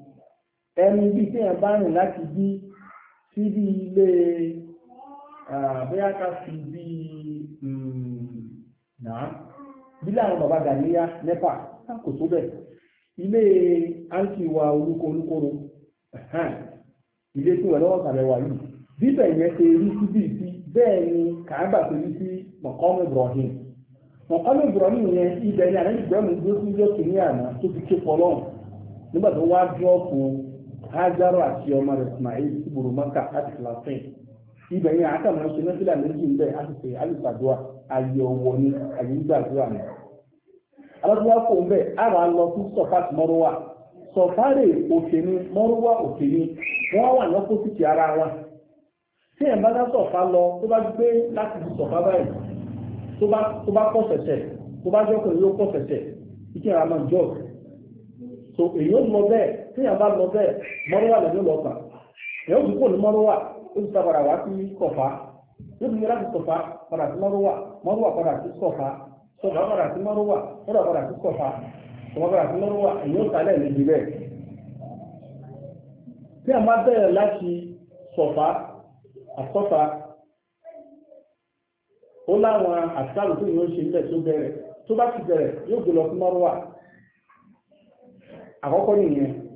ẹnu bí tí ẹ̀ bá rìn láti bí sí bí ilé bóyá ká bí mm, náà bí láàrin bàbá gàníyá kò tó bẹ̀ ilé àǹtí wa olúkọ olúkọrọ ilé tí wọ́n lọ́wọ́ wà yìí ṣe rí sí bí bẹ́ẹ̀ ni rí sí mọ̀kọ́mù mọ̀kọ́mù yẹn ibẹ̀ ni hajaru àti ọmọ rẹ̀ ismail sí gbòòrò maka láti filastin ibẹ̀ yẹn àti ṣe náfìlà méjì ń bẹ̀ àtìsẹ alùpàdùà ayé ni àyè ni. alọ́dúnwá kò ń ara lọ sí sọfàt mọ́rúwà sọfàrè òkè ara wa. tí bá dá lọ tó bá gbé láti fi báyìí tó bá tó bá yóò so èyí lọ tí bá lọ bẹ́ẹ̀ mọ́rọ́wà lọ gbà ó ní mọ́rọ́wà ó ti sábàrà wá sí kọ̀fà yóò fi láti kọ̀fà padà sí mọ́rọ́wà mọ́rọ́wà padà sí kọfà sọ̀fà padà sí mọ́rọ́wà mọ́rọ́wà padà sí padà sí mọ́rọ́wà èyí ó níbi bẹ́ẹ̀ bá láti àtọ́fà ó láwọn àtàlù tó ṣe tó bẹ̀rẹ̀ tó bá ti bẹ̀rẹ̀ yóò gbé lọ sí mọ́rọ́wà àkọ́kọ́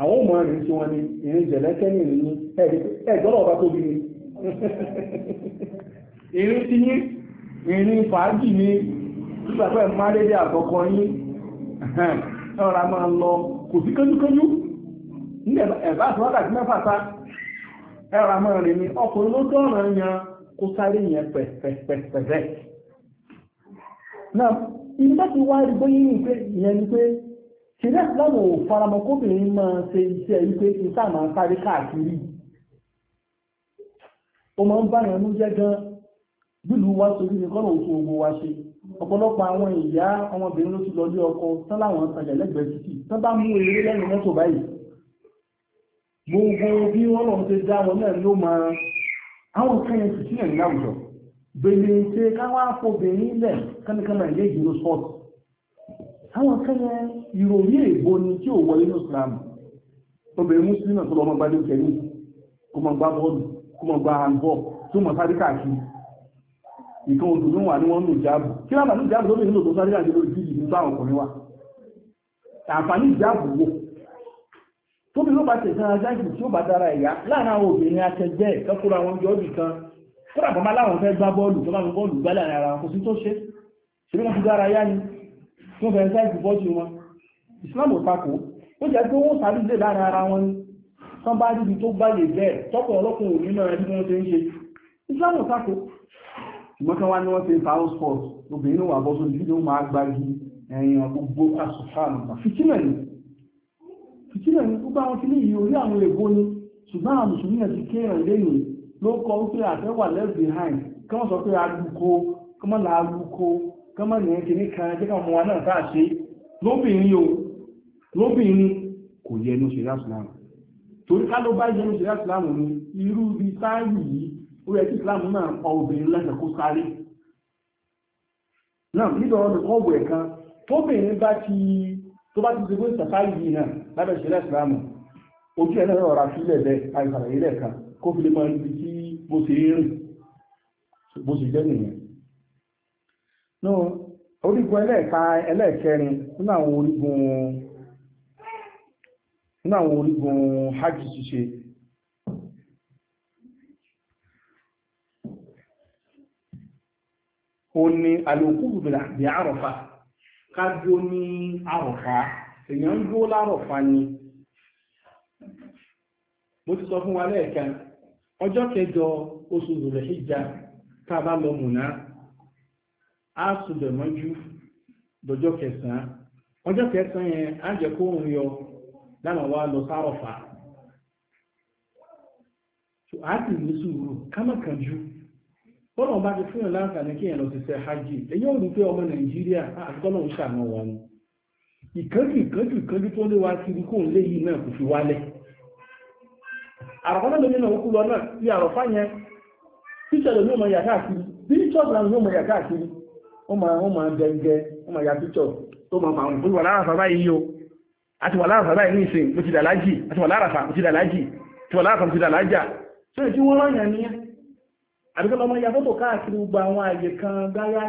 àwọn ọmọ rẹ̀ tí wọ́n ní ìrìn jẹ̀lẹ́kẹ́ ní ìrìn ní ẹgbọ́n ọba tóbi ni ìrìn ti ní ìrìn fàájì ní pípàpẹ́ márédé àkọ́kọ́ yín ọ̀rọ̀ máa lọ kò sí kánjúkánjú ní ẹ̀bá àti wákàtí mẹ́fà sá ẹ̀rọ máa rìn ní ọkùnrin ló dọ́ọ̀rọ̀ yan kó sáré yẹn pẹ̀pẹ̀pẹ̀pẹ̀ náà ilé láti wá rí bóyá ìyẹn ni ṣẹlẹ̀ ìsìláàmù ò faramọ́ kóbìnrin máa ṣe iṣẹ́ wípé ìta máa sáré káàkiri ó máa ń bá ìrànú jẹ́ gan bílù wá sórí ní kọ́nà òkú ogun wa ṣe ọ̀pọ̀lọpọ̀ àwọn ìyá ọmọbìnrin ló ti lọ lé ọkọ tán láwọn tajà lẹ́gbẹ̀ẹ́ títì tán bá mú eré lẹ́nu mọ́tò báyìí gbogbo bí wọ́n lọ ṣe dá wọn náà ló máa àwọn kẹyìn sì sílẹ̀ ní àwùjọ gbèlè ṣe káwọn afọbìnrin lẹ̀ kánikánà ilé ìgbìmọ̀ sọ́ọ̀tù àwọn kẹ́yẹ ìròyìn èbó ni tí ò wọlé ní Islam obìnrin muslim náà tó lọ́mọ gbá lóòkẹ́ ní kó mọ gbá bọ́ọ̀lù kó mọ gbá àǹbọ̀ tó mọ sáré káàkiri ìkan odò ní wà ní wọ́n lò jáàbù kí lábà ní jáàbù lómi nílò tó sáré àjẹ́ lórí bíi ìlú táwọn ọkùnrin wa àǹfààní ìjáàbù wò tóbi ló bá tẹ̀sán ajáìsì tí ó bá dára ẹ̀yà láàrin àwọn obìnrin akẹgbẹ́ ìkẹ́kọ̀ọ́ àwọn ọjọ́ ọdún kan kó dàbọ̀ má láwọn fẹ́ gbá bọ́ọ̀lù tó bá ń bọ́ọ̀lù gbá láàrin bí wọ́n ti dára yá ni tí wọ́n bẹ̀rẹ̀ sáìsì bọ́jú wọn ìsìláàmù tako ó jẹ́ pé wọ́n sáré lè lára ara wọn tán bá níbi tó gbáyè bẹ́ẹ̀ tọ́pọ̀ ọlọ́pùn òní náà bí wọ́n ṣe ń ṣe ìsìláàmù tako ìmọ́kán wá ní wọ́n ṣe fàáhùn sport obìnrin wà bọ́ sójú ló máa gbági ẹ̀yìn gbogbo asòfààmù fìtínà ni fìtínà ni gbogbo àwọn kìlì yìí orí àwọn ègbó ni ṣùgbọ́n àwọn mùsùlùmí náà ti kéèrè lẹ́yìn ló kọ wípé àfẹ́wà left behind kí wọ́n sọ pé alùkó kọ́mọ́lá alùkó kọ́mọ̀ ní kìíní kan jẹ́kà ọmọ wa náà bá ṣe lóbìnrin o lóbìnrin kò yẹ ní ṣẹ̀ríà Ìsìlámù torí ká ló bá yẹ ní ṣẹ̀ríà Ìsìlámù ni irú bí sáàrì yìí ó yẹ kí Ìsìlámù náà pa obìnrin lẹ́sẹ̀ kó sáré náà nítorí ọdún kọ́ọ̀bù ẹ̀kan tóbìnrin bá ti tó bá ti gbogbo ìsàfáì yìí náà lábẹ́ ṣẹ̀ríà Ìsìlámù ojú ẹ̀ náà rọra sílẹ̀ bẹ́ àìsàrà ilẹ̀ kan kó fi lè mọ ibi tí bó ṣe rìn bó ṣe jẹ́ nìyẹn no orígun ẹlẹ́ẹ̀ka ẹlẹ́ẹ̀kẹrin nínú àwọn orígun nínú ṣíṣe ó ní alòkúrù bí àrọ̀fà ká ní àrọ̀fà lárọ̀fà ni mo ti sọ fún wa lẹ́ẹ̀kan ọjọ́ kẹjọ oṣù á sùdẹ̀ mọ́jú dọjọ́ kẹsàn-án ọjọ́ kẹsàn-án yẹn á jẹ́ kó yọ láwọn wá lọ sáàrọ̀fà a sì ní sùúrù ti fúnyàn láǹfààní kí èèyàn lọ ṣiṣẹ́ hajj èyí ò ní pé ọmọ nàìjíríà àtọ́lọ̀ ń ṣàánú wa ni ìkánjú ìkánjú ìkánjú tó lé wa kiri kó ń lé yìí náà kò fi wálẹ̀ àrọ̀fá náà lónìí náà kú lọ náà yẹn ọmọ yàtá àkiri bí ọmọ yàtá àkiri ó máa ó máa gẹ́gẹ́ ó máa ya píṣọ̀ tó máa máa wọ́n wà lára sábà yìí o àti wà lára sábà ní ìsìn mo ti dàlájì àti wà lára sábà mo ti dàlájì àti wà lára sábà tó ìtí wọ́n rányàn ní àbíkọ́ lọ́mọ ya fọ́tò káàkiri gbogbo àwọn àyè kan gáyà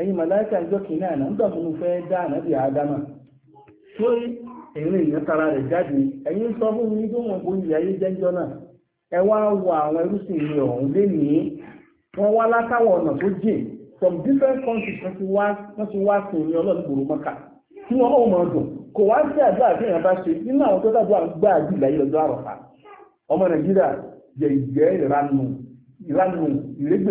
ẹ̀yin màláìkà ìjọ kìí náà ń dọ̀múnú fẹ́ dá ànábì àádámà tó ìrìn ìyẹn tara rẹ̀ jáde ẹ̀yin sọ fún mi tó wọn bóyí ayé jẹ́jọ́ náà ẹ wá wo àwọn ẹrúsìn ilẹ̀ ọ̀hún lé ní wọ́n wá from different countries wọ́n ti wá sí ìrìn ọlọ́run gbòòrò mọ́ka tí wọ́n dùn kò wá sí àdúrà tí bá ṣe nínú àwọn tó ọmọ nàìjíríà jẹ ìranu ìranu ìrégbè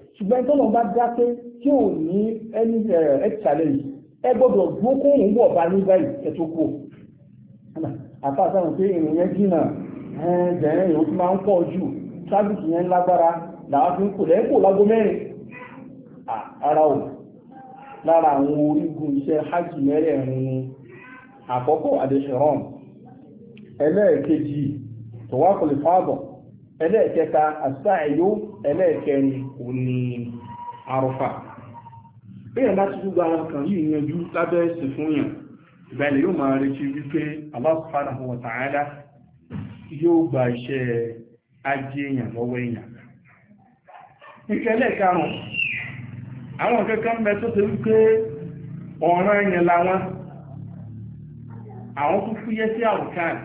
ṣùgbọ́n tó lọ bá dáké tí ò ní ẹni ẹ̀ẹ́dìsàlẹ̀ yìí ẹ gbọ́dọ̀ dúró kó òun wọ̀ bá ní báyìí ẹ tó kú àfa sáwọn pé ìrìn yẹn jìnnà ẹ̀ẹ́dẹ̀ẹ́rìn ìrìn tó máa ń pọ̀ jù tráfíkì yẹn lágbára làwọn fi ń kò lẹ́kọ̀ọ́ lágbo mẹ́rin ara ò lára àwọn orígun iṣẹ́ hajj mẹ́rẹ̀ẹ̀rin ni àkọ́kọ́ àdéṣẹ̀rán ẹlẹ́ẹ̀kejì tọwákùlù fáàbọ̀ ẹlẹ́ẹ̀kẹta àṣà ẹ̀yọ́ ẹlẹ́ẹ̀kẹrin eke ní arọ́fà bẹ́ẹ̀ láti gbogbo ara kan yìí yanjú lábẹ́ ẹ̀sìn fún yàn ìbẹ̀lẹ̀ yóò máa retí wípé Allah subhanahu wa yóò gba iṣẹ́ ajé èèyàn lọ́wọ́ èèyàn ìkẹlẹ̀ karùn àwọn kankan bẹ tó ṣe wípé ọ̀ràn èèyàn láwọn àwọn tó fúyẹ́ sí àrùkán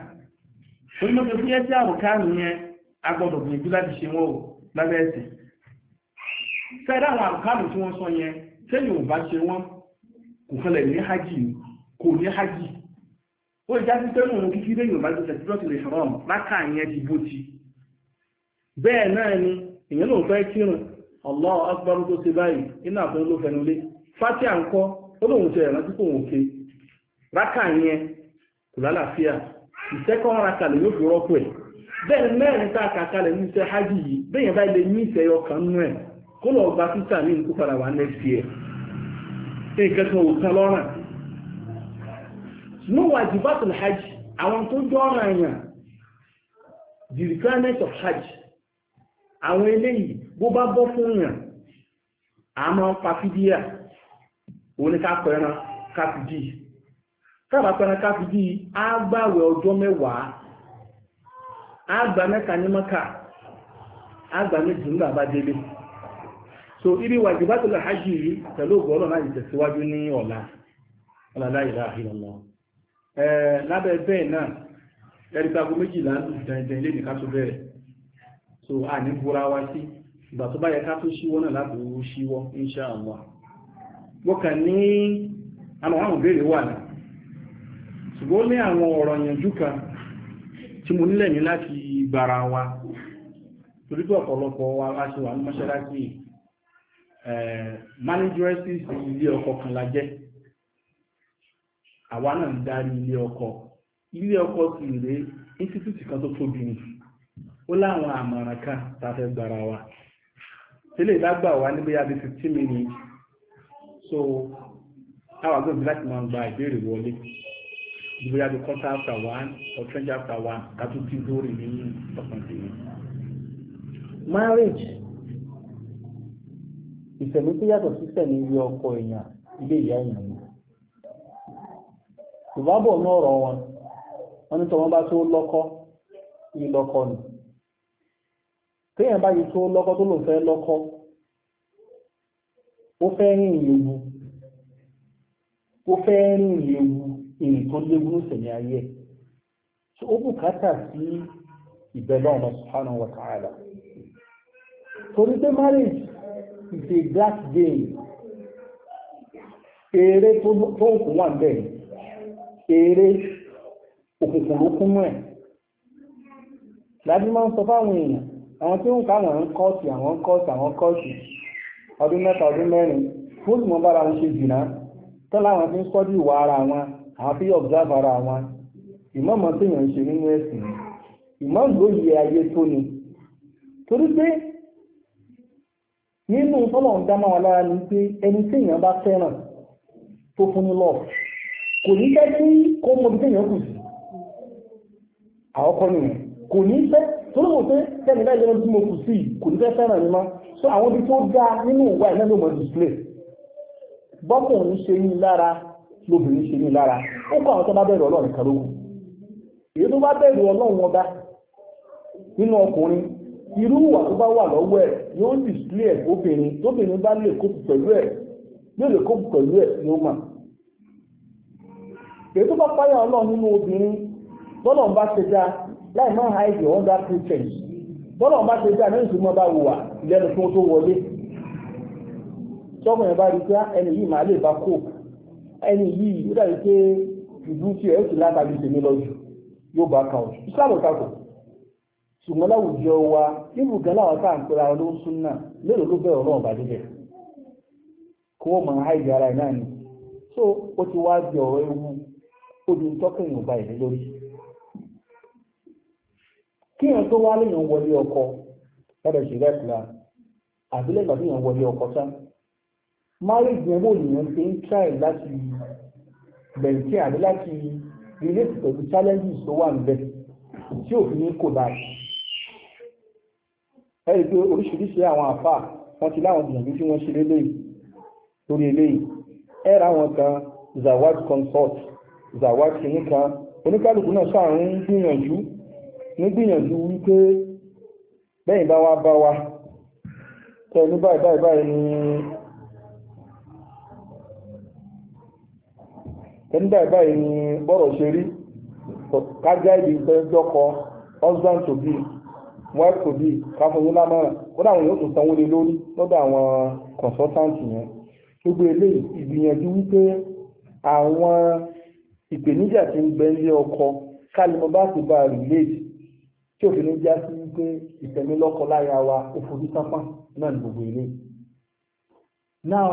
tó tó fúyẹ́ sí àrùkán yẹn agbọ́dọ̀ gbìyànjú láti ṣe wọ́n o lábẹ́ ẹ̀sìn sẹ́dá àwọn àkáàlù tí wọ́n sọ yẹn sẹ́yìn ò bá ṣe wọ́n kò fẹ́lẹ̀ ní hajj kò ní hajj ó lè jásí pé òun kíkí lé yorùbá ti tẹ̀sí lọ́tì lè haram láká yẹn ti bó ti bẹ́ẹ̀ náà ni èèyàn lòun fẹ́ kírun tó ṣe báyìí iná àfẹ́ ló fẹnu lé ń kọ́ ó ṣe ìrántí kò wọ́n ké yẹn kò lálàáfíà ìṣẹ́kọ̀ọ́ bẹ́ẹ̀ mẹ́rin tá àkàkalẹ̀ ní iṣẹ́ hajj yìí bẹ́yẹn bá ilé ní ìṣẹ́ ọkàn nú ẹ̀ kó lọ gba títà ní ìkú padà wà next year nǹkan tó tán lọ́ràn no wajibatul hajj àwọn tó jọ the requirement of hajj àwọn eléyìí bó bá bọ́ fún èèyàn àmọ́ pàfidíà òun ni ká pẹran káfidí káfidí á gbàwẹ̀ ọjọ́ agba mẹ́ta ní maka agba méjì ń bàbá délé so ibi wàjìbátò lọ hajji yìí pẹ̀lú ọgọ́rọ̀ láti tẹ̀síwájú ní ọ̀la ọ̀làlá ìlà àhìlọ́lọ́ lábẹ́ bẹ́ẹ̀ náà ẹ̀rìtàgó méjìlá dẹ̀ẹ̀dẹ̀ so a ní búra wá sí anyị tó bá yẹ ká tó ṣíwọ́ tí mo nílẹ̀ mi láti wa torí pé ọ̀pọ̀lọpọ̀ wa wá sí ní mọ́ṣáláṣí eh, manageresis ilé ọkọ̀ kan la jẹ́ àwa náà ń darí ilé ọkọ̀ ilé ọkọ̀ sì institute kan tó tóbi ni ó láwọn àmọ̀ràn kan tá a fẹ́ wa tẹ́lẹ̀ ìdágbà wa ní bóyá bíi fifteen minutes so àwọn àgbẹ̀bí láti máa gba ìbéèrè wọlé bóyá bí quarter after one or twenty after one kátó tí lórí ní ọ̀sán sí i. marriage ìṣẹ̀lẹ̀ tó yàtọ̀ sísẹ̀ ní ilé ọkọ èèyàn ilé ìyá èèyàn ni. ìbábọ̀ ní ọ̀rọ̀ wọn wọn ní tọ́wọ́n bá tó lọ́kọ́ ìlọ́kọ ni. téèyàn bá yìí tó lọ́kọ́ tó lòun fẹ́ lọ́kọ́ ó fẹ́ rìn ìléwu ó fẹ́ rìn ìléwu nǹkan léwu sẹ̀mí ayé so ó bùkátà sí ìbẹ̀lẹ̀ ọ̀nà subhanahu wa ta'ala torí pé marriage is a black game eré tó òkun wà bẹ́ẹ̀ eré òkùnkùn ló kún mọ́ ẹ̀ láti máa ń sọ fáwọn èèyàn àwọn tí ó ń ká àwọn ń kọ́ọ̀tì àwọn ń kọ́ọ̀tì àwọn kọ́ọ̀tì ọdún mẹ́ta ọdún mẹ́rin fún ìmọ̀ bára wọn ṣe jìnnà tọ́lá àwọn tí ń sọ́jú ìwà ara wọn àfi observe ara wọn ìmọ̀mọ́ téèyàn ń ṣe nínú ẹ̀sìn ìmọ̀ lóye ayé tó ni torí pé nínú tọ́lọ̀ ń dámọ́ wa lára ni pé ẹni téèyàn bá fẹ́ràn tó fún ní lọ́ọ̀ kò ní fẹ́ kí kó mọ bí téèyàn kù sí àkọ́kọ́ nìyẹn kò ní fẹ́ torí mo fẹ́ tẹ́ni láì lọ́nà tí mo kù sí kò ní fẹ́ fẹ́ràn mi mọ́ so àwọn ibi tó dáa nínú ìwà ìlànà ìmọ̀ display bọ́kùnrin ṣe ní lára lóbìnrin ṣe ní lára ó kọ́ àwọn tó bá èyí tó bá nínú ọkùnrin irú ìwà tó wà lọ́wọ́ ẹ̀ yóò sì ẹ̀ obìnrin tóbìnrin bá lè kópù pẹ̀lú ẹ̀ yóò lè kópù pẹ̀lú ẹ̀ ni ó mà èyí tó bá páyà ọlọ́run nínú obìnrin bọ́lọ̀ ń bá ṣe dá láì máa ha ìdè wọ́n dá christian bọ́lọ̀ ń bá ṣe bá wùwà ẹni yìí ó dàbí pé ìlú tí ẹ̀ sì látàbí tèmi lọ jù yóò bá kà ọ̀jù ìsàlọ̀ takò ṣùgbọ́n láwùjọ wa níbù gan láwọn tá à ń pera ló ń sún náà lérò ló bẹ̀rẹ̀ ọlọ́run bá dídẹ̀ kí wọ́n máa háìdí ara ẹ̀ náà ni so ó ti wá di ọ̀rọ̀ ewu ó di tọ́kẹ̀yìn ọba ìlú lórí kí èèyàn tó wá léèyàn wọlé ọkọ lọ́dọ̀ ṣẹlẹ̀ ìlà àbílẹ̀ ìgbà tó yàn wọlé ọkọ sá máa rí ìgbìyànjú ènìyàn ṣe ń tíráì láti bẹ̀ǹkì àní láti relate pẹ̀lú challenges tó wà níbẹ̀ tí òfin ní kò dáa ẹ rí i pé oríṣiríṣi àwọn àfà wọn ti láwọn gbìyànjú tí wọ́n ṣe lélẹ́yìí lórí eléyìí ẹ ra àwọn kan zawad consult zawad kìíní kan oníkálukú náà ṣàrùn ń gbìyànjú ní gbìyànjú wípé bẹ́yìn bá wá bá wa tẹ̀ ní báyìí báyìí báyìí ni ẹni báyìí báyìí ni bọ́rọ̀ ṣe rí kájá ìdí ìfẹ́jọ́kọ husband to be wife to be káfọyín lámọ̀ràn kódà àwọn yóò tún sanwó lé lórí lọ́dọ̀ àwọn consultant yẹn gbogbo eléyìí ìgbìyànjú wípé àwọn ìpèníjà tí ń bẹ ilé ọkọ kálímọ bá ti bá relate tí òfin ní já sí wípé ìtẹ̀mí lọ́kọ láya wa ó fojú sápá náà ní gbogbo ilé. náà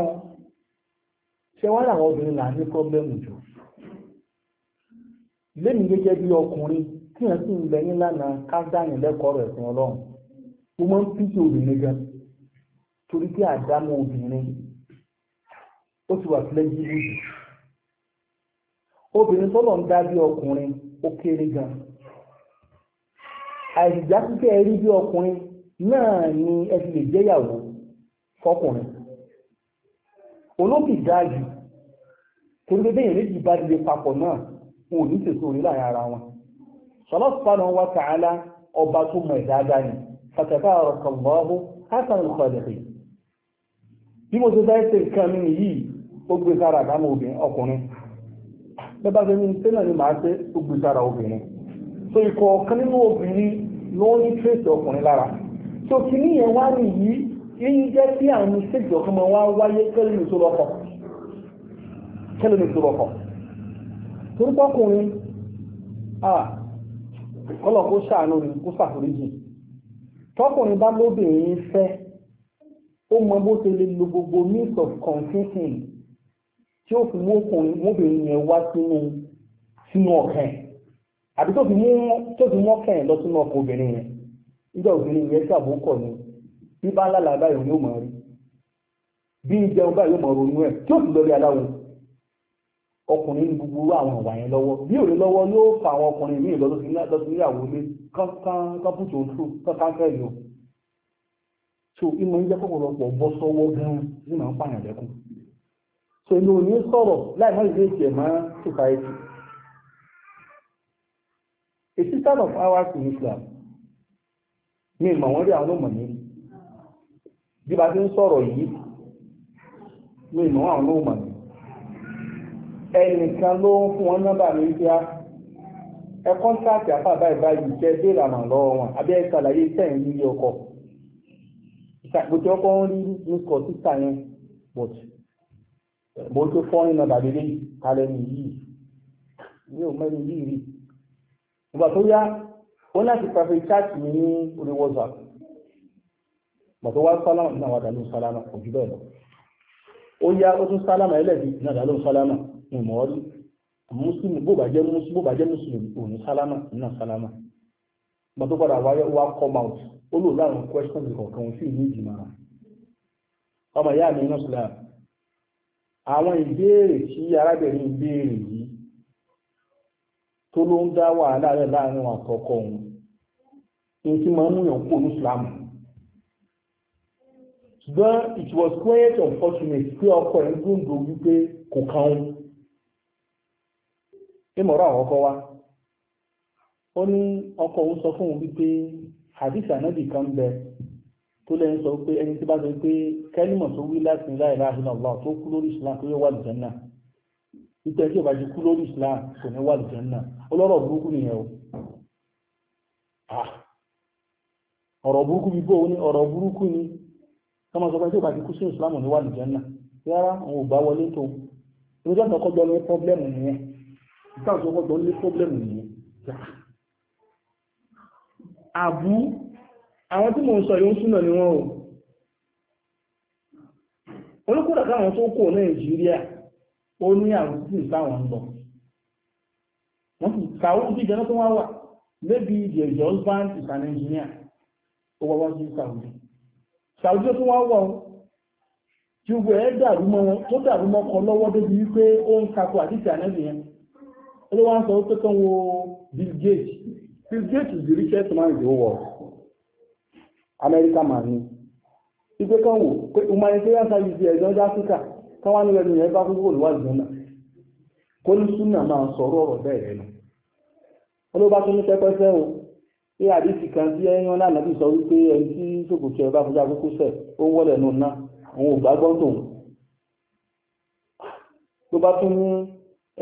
ṣé wọ́n láwọn obìnrin là ń ní pọ́blẹ́mù jù lẹ́nu gẹ́gẹ́ bí ọkùnrin tí wọ́n sì ń bẹ yín lánàá kájáyìn lẹ́kọ̀ọ́ rẹ̀ fún ọlọ́run mo máa ń píṣe obìnrin gan torí pé àdámọ́ obìnrin ó ti wà obìnrin tọ́lọ̀ ń dá bí ọkùnrin ó kéré gan àìsìjá rí bí ọkùnrin náà ni ẹ ti lè jẹ́yàwó fọkùnrin torí wọn ò ní tèso orí láàrin ara wọn sọlọ́sùpánà wa tààlà ọba tó mọ̀ ìdáadáa ni fàtàkà ọ̀rọ̀ hasan al bí mo ti fẹ́ ṣe nǹkan mi yìí ó gbé sára àdámọ́ obìnrin ọkùnrin bẹ́ẹ̀ bá ṣe ní tẹ́lẹ̀ ni màá ṣe ó gbé sára obìnrin so ikọ̀ ọ̀kan nínú obìnrin ló ọkùnrin lára so kìíní yẹn wá nìyí yíyí jẹ́ kí àwọn kan máa wáyé kẹ́lẹ́ torúkọ́kùnrin kọ́lọ̀ kó ṣàánú rẹ̀ kó ṣàforíjì tọ́kùnrin bá lóbìnrin fẹ́ ó mọ bó ṣe lè lo gbogbo means of consenting tí ó fi mú ọkùnrin mọ́bìnrin yẹn wá sínú ọ̀kẹ́ àbí tó fi mú tó lọ sínú ọkọ̀ obìnrin yẹn nígbà obìnrin yẹn ṣàbókọ̀ ni bí bá lálàá báyìí yóò mọ̀ rí bí ìjẹun báyìí yóò mọ̀ ronú ẹ̀ tí ó sì lọ rí aláwọ̀ ọkùnrin gbogbo àwọn ìwà yẹn lọ́wọ́ bí òde lọ́wọ́ yóò fa àwọn ọkùnrin míì lọ lọ́sí níyàwó ilé kápútù òtún kákáńkẹ́ ìlú so ìmọ̀ ń jẹ́ pọ̀pọ̀lọpọ̀ bọ́ sọ́wọ́ gan-an ní màá ń pààyàn lẹ́kùn so inú òní sọ̀rọ̀ láì máa ìdí ìṣẹ̀ máa a system of hours in Islam ní ìmọ̀ wọ́n rí àwọn ọmọ ní bí bá ti ẹnìkan ló ń fún wọn nọ́mbà mi pé á ẹ kọ́ńtàkì àfà báyìí báyìí jẹ́ béèrè àmà lọ́wọ́ wọn àbí ẹ ṣàlàyé sẹ́yìn nílé ọkọ̀ ìṣàkóso ọkọ̀ ń rí nìkọ̀ títà yẹn but mo tó fọ́nrin nọ́mbà mi lé kalẹ̀ mi yìí mi ò mẹ́rin yìí rí ìgbà tó yá wọ́n láti pàfẹ́ chaati mi ní orí WhatsApp bàtọ́ wá sálámà náà wà dàlú sálámà kò jù bẹ́ẹ̀ lọ ó yá ó tún sálámà ẹlẹ́bi náà dàlú sálámà ìmọ̀ọ́rí mùsùlùmí bó bá jẹ́ mùsùlùmí bó bá jẹ́ mùsùlùmí kò ní sálámà nínà sálámà gbọ́n tó padà wáyé wá come out ó lò láwọn questions kọ̀ọ̀kan sí ìlú ìjìmọ̀ràn ọmọ ìyá mi iná sùlá àwọn ìbéèrè tí arábìnrin béèrè yìí tó ló ń dá wàhálà rẹ̀ láàrin àtọkọ òun ní tí máa ń múyàn kó ní sùlámù ṣùgbọ́n it was quite unfortunate pé ọkọ ẹ̀ ń dúndùn wípé kò kàn án ìmọ̀ràn àkọ́kọ́ wá ó ní ọkọ òun sọ fún òun wípé hadith anabi kan bẹ tó lẹ́yìn sọ pé ẹni tí bá sọ pé kẹ́límọ̀ tó wí láti ní láìláà ìlú Allah tó kú lórí Islam tó yẹ wà lùjẹ́ náà ìtẹ́ tí ò bá ti kú lórí Islam kò ní wà lùjẹ́ náà ọlọ́rọ̀ burúkú nìyẹn o ọ̀rọ̀ burúkú bí bó ní ọ̀rọ̀ burúkú ni kọ́mọ sọ pé tí ò bá ti kú sí Islam ní wà lùjẹ́ náà rárá òun ò bá wọlé tó ìrújọ́ tó kọjọ́ ní pọ́blẹ́mù nìyẹn ìtàṣọ ọgbọ̀n ní pọ́blẹ̀mù ní àbú àwọn tí mo ń sọ yóò súnà ní wọ́n o olókùnrin káwọn tó kò Nàìjíríà ó ní àwọn tí ìsáwọn ń lọ wọ́n sì kàwọ́ sí ìjẹ́nà tó wá wà lẹ́bí their husband is an engineer ó wá wá sí Saudi Saudi tó wá wà tí gbogbo ẹ̀ dàrú mọ́ wọn tó dàrú mọ́ kan lọ́wọ́ débi wípé ó ń kakọ àdìsí ànẹ́bìyàn ló wá ń sọ pé kán wo Bill Gates Bill Gates is the richest man in the whole world Amẹ́ríkà mà ní ìgbé kan wò pé humanitarian service ẹ̀dán Áfíríkà kán wá nílẹ̀ ní ẹ̀bá fún bóòlù wájú náà kó ní súnà máa sọ̀rọ̀ ọ̀rọ̀ bẹ́ẹ̀ rẹ̀ nù olóba tó ní pẹ́pẹ́sẹ́ o pé àdéhìí kan tí ẹ̀yán náà nàbí sọ wípé ẹni tí sòkòtò ẹ̀ bá fojú akókó sẹ̀ ó wọlé nù náà òun ò gbàgbọ́ tòun tó bá tún ní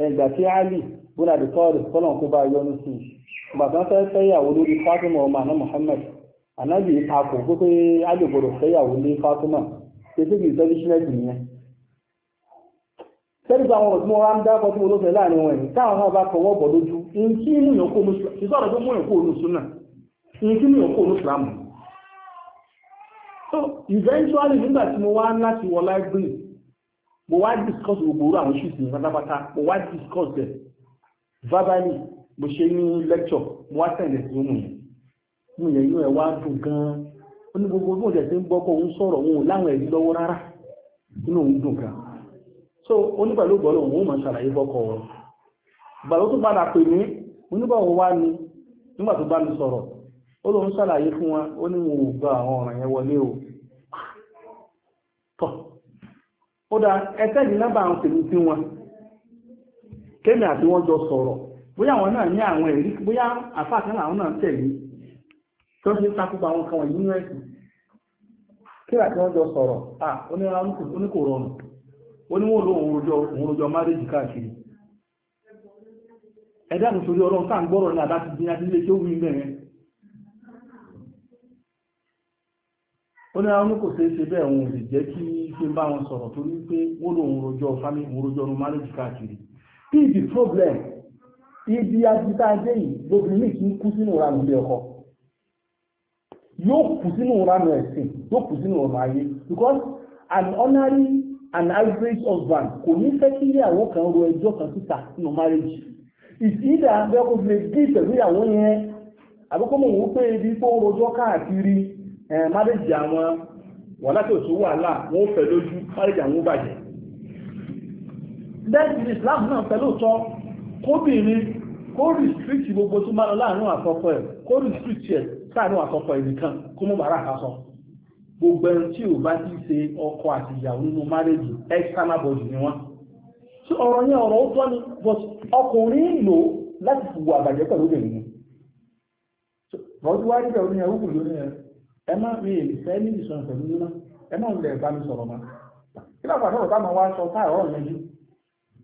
ẹ̀gbà tí Ali bùnà bí tọ́ọ̀dù kọ́lọ̀n kó bá yọnu sí bàbá fẹ́ fẹ́yàwó lórí Fatima ọmọ àná Muhammad ànábì àpò pé àgbègbòrò fẹ́yàwó ní Fatima pèsè kì í sọ́jú sílẹ̀kì nìyẹn sẹ́dùkú àwọn ọ̀tún wọn ń dákọ̀ tí mo ló fẹ́ láàrin wọn yìí táwọn náà bá kọwọ́ bọ̀ lójú ìǹkí mú yàn kó mú ìsọ̀rọ̀ tó mú yàn kó mú súnà ìǹkí mú yàn kó mú sùlámù so eventually nígbà tí mo wá láti wọ library mo wá discuss gbogbo àwọn ṣùgbọ́n pátápátá mo wá discuss bẹ́ẹ̀ verbally mo ṣe ní lecture mo wá tẹ̀lé sí òun yẹn mo yẹn inú ẹ̀ wá dùn gan-an ó ní gbogbo bí òṣèṣe ń gbọ́kọ̀ òun sọ̀rọ̀ òun láwọn ẹ̀rí lọ́wọ́ rárá inú òun dùn gan-an so onígbàlú gbọ́dọ̀ òun ó mọ̀ ṣàlàyé gbọ́kọ̀ wọn gbàlọ́ tó padà pè mí onígbàwọ̀ wá ni nígbà tó bá mi sọ̀rọ̀ ó lóun ṣàlàyé fún wa ó ní mo gba àwọn ọ̀ràn yẹn wọlé o tọ́ ó dá ẹsẹ́ ìdí nọ́mbà àwọn pèmí sí wọn kémi àti wọ́n jọ sọ̀rọ̀ bóyá àwọn náà ní àwọn ẹ̀rí bóyá àfáàkán àwọn náà tẹ̀lé tó ṣe takúpa àwọn kan wọ̀nyí nínú ẹ̀sìn kémi àti wọ́n jọ sọ̀rọ̀ à onírà oníkò rọrùn òun márèjì káàkiri ẹ̀dá ọlọ́run tá à ń gbọ́rọ̀ ní àdá ti tó wí àwọn ṣe é ṣe bẹ́ẹ̀ òun lè jẹ́ kí ṣe bá wọn sọ̀rọ̀ kí ìdí problem ibi ajíta ajé yìí lóbi ní kí kú sínú ọkọ yóò kú sínú ìranù ẹ̀sìn yóò kú sínú because an ordinary and average husband kò ní fẹ́ kí ìyàwó kan ro ẹjọ́ kan síta nínú marriage ìsìndà abẹ́kọ̀ lè dí pẹ̀lú ìyàwó yẹn àbíkọ́mọ̀ òun pé ibi tó rojọ́ káàkiri eh, marriage àwọn wàhálà lẹ́yìn Islam náà pẹ̀lú ọ̀tọ́ kóbìnrin kó restrict gbogbo tó máa lọ láàrin àkọ́kọ́ ẹ̀ kó restrict ẹ̀ sáàrin àkọ́kọ́ ẹ̀ nìkan kó mọ́ bàrá àkásọ gbogbo ẹni tí ò bá ti ṣe ọkọ àti ìyàwó nínú márèjì external body ni wọ́n tí ọ̀rọ̀ yẹn ọ̀rọ̀ ó tọ́ ni but ọkùnrin lò láti fùwà àbàjẹ́ pẹ̀lú obìnrin rọ́jú wá níbẹ̀ oní ẹrú kùn lónìí ẹ má mi ìfẹ́ ní ìsọ̀rọ̀ pẹ̀lú nínú ẹ má ń lẹ̀ bá mi sọ̀rọ̀ mọ́ kí lápá sọ̀rọ̀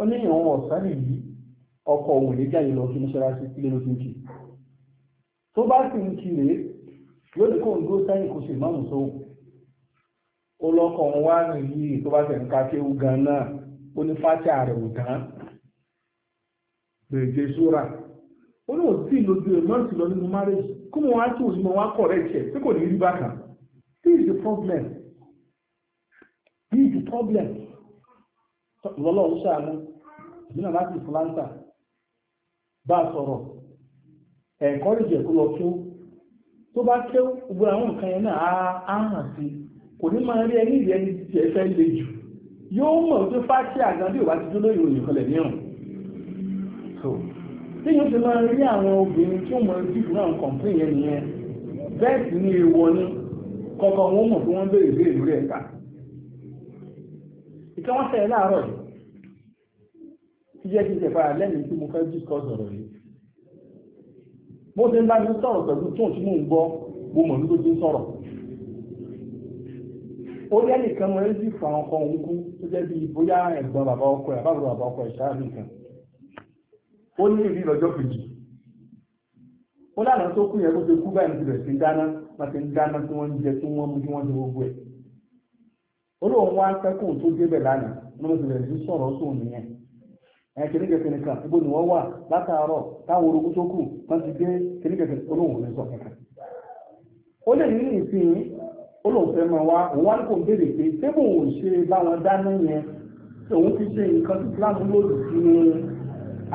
ó ní ìwọ̀n ọ̀sán nìyí ọkọ̀ òun lè jáde lọ sí mọ́ṣáláṣí ilé ló ti ń kì tó bá sì ń kiri yóò ní kó ń dúró sẹ́yìn kó sì máàmù sóhùn ó lọ́kọ̀ òun wá nìyí tó bá sì ń ka kéwú gan náà ó ní fátíà rẹ̀ ò dán gbèjè sóra ó ní òtí lójú ẹ̀ mọ́ọ̀sì lọ nínú márèjì kó mo wá tí òsì mo wá kọ̀ rẹ̀ tiẹ̀ tí kò ní rí bákan this is the problem this is the problem lọ́lọ́run ṣàánú nínú láti fúláńtà bá sọ̀rọ̀ encourage ẹ̀kọ́ lọ kí ó tó bá kí ó gbogbo àwọn nǹkan yẹn náà á hàn sí kò ní máa rí ẹni ìrẹ́ ní ti ẹ̀fẹ́ le jù yóò mọ̀ tó fáṣí àgbọn bí ìwà ti dúró ìròyìn kan lẹ̀ mìíràn so tí yóò ti máa rí àwọn obìnrin tí ó mọ dìbò náà kọ̀m̀pín yẹn nìyẹn bẹ́ẹ̀ sì ni èèwọ̀ ni kọ̀ọ̀kan wọn mọ̀ pé wọ́n béèrè béèrè lórí ẹ̀ka ìkẹ́ wọ́n láàárọ̀ yìí jẹ́ kí n lẹ́yìn tí mo fẹ́ discuss ọ̀rọ̀ yìí mo ti ń bá mi sọ̀rọ̀ pẹ̀lú tó tí mò ń gbọ́ mo mọ̀ nígbó tí ń sọ̀rọ̀ ó yẹ nìkan mo rí sí fún ọkọ òun kú tó jẹ́ bí bóyá ẹ̀gbọ́n bàbá ọkọ ẹ̀ bàbá bàbá ọkọ ẹ̀ ṣáà nìkan ó ní ìrí lọ́jọ́ kejì ó lànà tó kú yẹn kó ṣe kú báyìí ti bẹ̀rẹ̀ sí dáná wọ́n dáná tí wọ́n ń jẹ tí wọ́n mú kí wọ́n ti gbogbo ẹ̀ ó lóun wá fẹ́ kóun tó débẹ̀ lánàá ló ti bẹ̀rẹ̀ sí sọ̀rọ̀ sóun nìyẹn kìnní kẹfẹ nìkan gbogbo ni wọ́n wà látàárọ̀ táwọn orogún tó kù wọ́n ti dé kìnní kẹfẹ olóhùn ní sọ kankan. ó lè ní ìsìn olóòfẹ́ máa wá òun wá kò béèrè pé sébò òun ṣe báwọn dáná yẹn òun fi ṣe nǹkan tí fúlàmù lòdì sí ni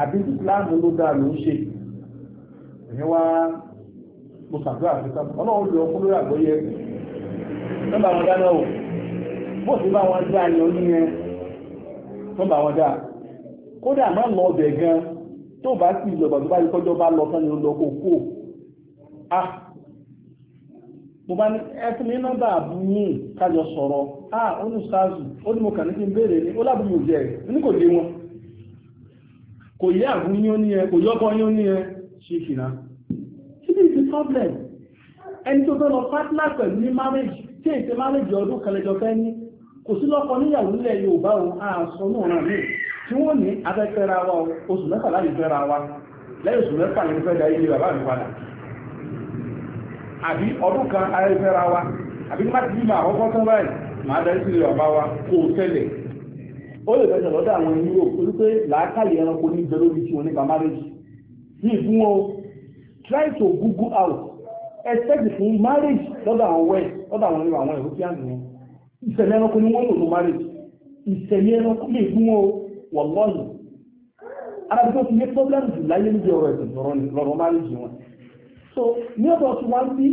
àbí tí fúlàmù ló dáa ló ń ṣe. ìyẹn wá mo ṣàdúrà fún sábà ọlọ́run lè ọkọ lórí àgbọ́yé nọ́mbà wọn dáná o bó ti bá kódà má lọ ọbẹ̀ gan tó bá sì ìjọba tó bá bá lọ lọ a ah, mo bá ní ẹfún ní nọ́mbà àbúyìn kájọ sọ̀rọ̀ a ah, ó ní sáàzù ó ní mo kàn ní kí n béèrè ní ó lábúyìn òjẹ́ ní kò lé wọn kò yẹ àbúyìn ó ní ẹ kò yọkọ yín ó ní ẹ ṣe kí ni the problem ẹni tó fẹ́ lọ partner pẹ̀lú ní marriage tí marriage ọdún tí wọ́n ní afẹ́fẹ́ra wa oṣù mẹ́fà láti fẹ́ra wa lẹ́yìn oṣù mẹ́fà ní fẹ́ da ilé bàbá mi padà àbí ọdún kan wa àbí tán báyìí máa da ilé bàbá wa kó tẹ́lẹ̀ ó lè fẹsẹ̀ lọ́dọ̀ àwọn ìlú òkúrú pé làákàlì ẹranko ní ìjọ lórí tí wọ́n nípa marriage ní ìfún wọn try to google out expect fún marriage lọ́dọ̀ àwọn lọ́dọ̀ àwọn àwọn nìyẹn ìṣẹ̀lẹ̀ ẹranko wọ́n lò ní marriage ìṣẹ̀lẹ̀ ẹranko wọ̀lọ́yìn arábí tó ti ní problem jù láyé ní ọ̀rọ̀ ẹ̀sìn lọ́rọ̀ marriage wọn so ní ọ̀dọ̀ tí wọ́n bí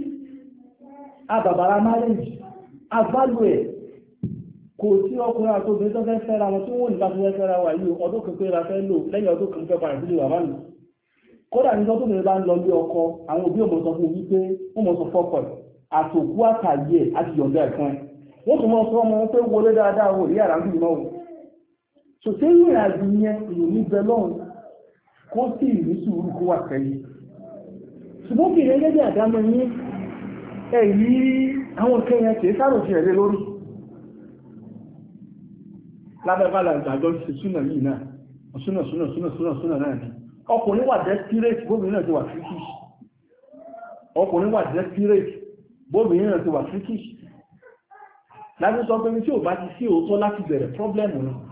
àbàbàrà marriage agbálù ẹ̀ kò sí ọkùnrin àti obìnrin tó fẹ́ fẹ́ra wọn tí wọ́n nípa tó fẹ́ fẹ́ra wà yìí ọdún kan pé ra fẹ́ lò lẹ́yìn ọdún kan fẹ́ padà sílé bàbá mi kódà ní ọdún mẹ́rin bá ń lọ lé ọkọ àwọn òbí ọmọ sọ fún wípé wọ́n mọ̀ sọ fọ́kọ̀ àtòkú àtàyè àti yọ̀ǹda ẹ̀kan ẹ̀ wọ́n tún mọ̀ sọ ọmọ wọn pé wọlé dáadáa wò ní àràbí ìmọ̀ wọn ṣòṣe ìrìn àjò yẹn ìròyìn ibẹ lọ́hùn kó sì ìrí sùúrù kó wà sẹ́yìn ṣùgbọ́n kì í lé lẹ́dẹ̀ àdámọ́ yín ẹ̀yí àwọn kẹyàn kìí sáròṣì ẹ̀rẹ́ lórí lábẹ́bàlà ìgbàjọ́ ṣe súnà yìí náà súnà súnà súnà súnà súnà náà ni ọkùnrin wà desperate gómìnà ti wà freakish ọkùnrin wà desperate gómìnà ti wà freakish láti sọ pé tí ò bá ti sí òótọ́ láti bẹ̀rẹ̀ problem náà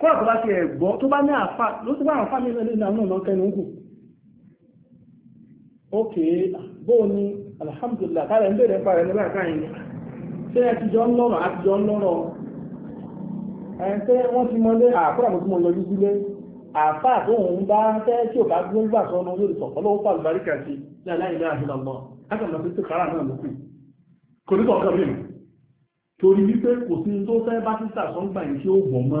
kọ́nà tó bá ti ẹ̀gbọ́ tó bá ní àfà ló ti bá àwọn fámìlì ẹlẹ́ ní àwọn ọ̀nà kẹnu ń ok bóò ni alhamdulillah kálẹ̀ ń bèèrè pa rẹ̀ nígbà káyìn ni ṣé ẹ ti jọ ń lọ́rọ̀ àti jọ ń lọ́rọ̀ ẹ ṣé wọ́n ti mọlé àkúrà mo ti mọ yọjú sílé àfà tó ń bá fẹ́ tí ò bá gbé gbà sọ ọmọ lórí sọ̀kọ́ lọ́wọ́ pàlù baríkà sí láìláì ní àṣìlọ mọ́ látàlọ́ sí ti kárà náà lókù kò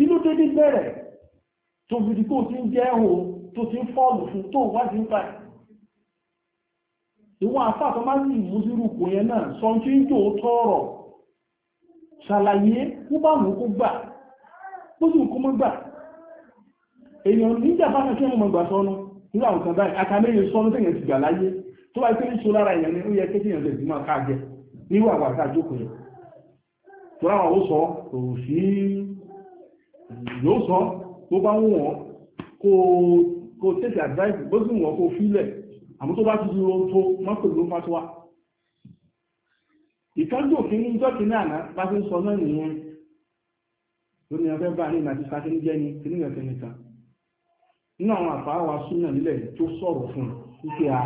kí ló dédé bẹ̀rẹ̀ tó fìdí tó ti ń jẹ́ ẹ̀hùn tó ti ń fọ́ọ̀lù fún tó wájú ń báyìí ìwọ̀n àfáàtọ́ máa ní ìmúsírù yẹn náà sọ tí ń jò tọ́rọ ṣàlàyé kú tó wáyé pé ní lára èèyàn ni ó yẹ kéjì èèyàn tẹ̀sí máa káàjẹ nírú àwọn àtàjókòó yẹn tó láwọn ó sọ òsì yóò sọ tó bá wù wọ́n kó tẹ́sí àdáìsì bó sì wọ́n kó fílẹ̀ àmú tó bá ti dúró tó mọ́pẹ̀ ló fà ìtọ́jú òfin ní jọ́kì ní àná bá ti ń sọ náà nìyẹn lórí ẹgbẹ́ bá ní ìlàjì sáké ní jẹ́ ní kìnnìyàn nìkan nínú àwọn àfáwà súnà nílẹ̀ tó sọ̀rọ̀ fún wípé a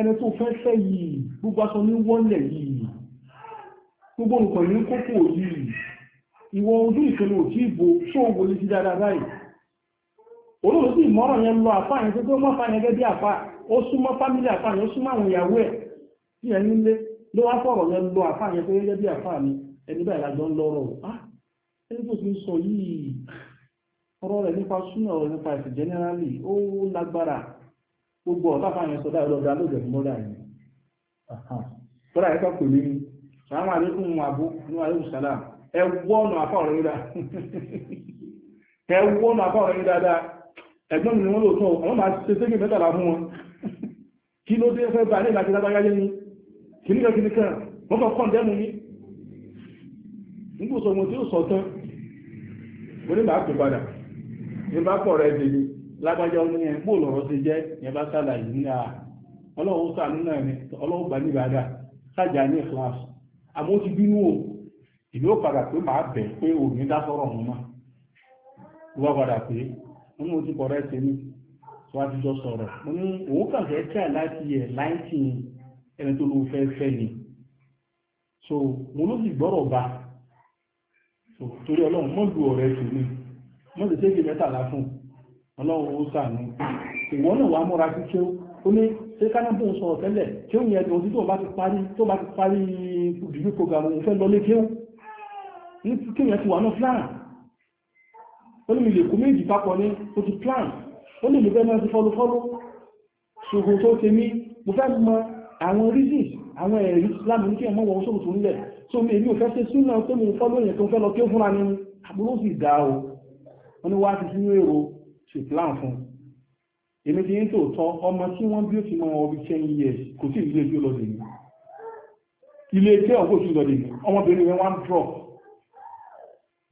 ẹni tó fẹ́ fẹ́ yìí gbogbo aṣọ ní wọ́lẹ̀ yìí gbogbo nǹkan ní kókó yìí ìwọ ojú ìṣòro òjí ìbò ṣóòwò lè ti dáadáa báyìí olóòrò sí ìmọ̀ràn yẹn lọ àfá yẹn tó mọ́ fà yẹn gẹ́gẹ́ bí àfá ó súnmọ́ fámílì àfá yẹn ó súnmọ́ àwọn ìyàwó ẹ̀ tí ẹni ń lé ló wá fọ̀rọ̀ yẹn lọ àfá yẹn tó gẹ́gẹ́ bí àfá mi ẹni báyìí lájọ ń lọ́rọ̀ ah! ẹni tó ti ń sọ yìí ọ̀rọ̀ rẹ̀ nípa súnà ọ̀rọ̀ nípa ẹ̀sìn generally ó lágbára gbogbo ọ̀tá fà yẹn sọ dáa lọ́dọ̀ alóòjẹ̀ fún mọ́dà yẹn tọ́lá yẹn kọ́ pè mí sàmà àbú ní àlékún sàlámù ẹwọ́ ọ̀nà àfáàrẹ̀ yìí dada ẹgbọ́n mi ni wọ́n lò tún ma máa ṣe ṣégé mẹ́tàlá fún wọn kí ló dé fẹ́ bá ní ìlàjì lágbàgáyé ní kìníkà kìníkà wọ́n kọ́ dẹ́mù ní mo tí ó sọ tán mo ní bá pè padà ní bá pọ̀ rẹ̀ ní ẹ̀ lọ́rọ̀ ti jẹ́ yẹn bá ní sàánú náà ni sájà ní ó ti bínú o ìlú ó padà pé màá bẹ̀ pé òní dá sọ́rọ̀ mú náà ló bá padà pé wọ́n mú ti kọ̀rẹ́ ṣe ní tó wá jíjọ sọ̀rọ̀ mo ní òun kàn fẹ́ tíà láti yẹ láìsí ẹni tó ló fẹ́ fẹ́ ni so mo ló sì gbọ́rọ̀ bá so torí ọlọ́run mọ́ lu ọ̀rẹ́ tèmi mọ́ lè ṣéèkì mẹ́tàlá fún ọlọ́run ó sànú ìwọ náà wàá múra sí kí ó ní ṣé kánábù ń sọ̀rọ̀ tẹ́lẹ̀ kí ó yẹ ẹ̀dùn ojú tó bá ti parí tó bá ti parí ìdílé program òun fẹ́ lọ lé kéwù ní kíyàn ti wà náà plan ó ní mi lè kú méjì papọ̀ ní ó ti plan ó ní ìlúgbẹ́ náà ti fọ́lúfọ́lú ṣùgbọ́n tó ṣe mí mo fẹ́ mọ àwọn reasons àwọn ẹ̀rí láàmì ní kí ẹmọ́ wọn ṣòkòtò ńlẹ̀ tó mi èmi ò fẹ́ ṣe súnà tó mi fọ́lú èèyàn tó fẹ́ lọ kí ó fúnra ní àbúrò sì dá o wọ́n ní wá ti sínú èrò ṣe plan fún èmi ti ń tòótọ́ ọmọ tí wọ́n bí ó ti mọ ọbí ten years kò sí ilé tí ó lọ dèmí ilé tí ọ̀pọ̀ òṣù lọ dèmí ọmọbìnrin rẹ̀ wá ń drop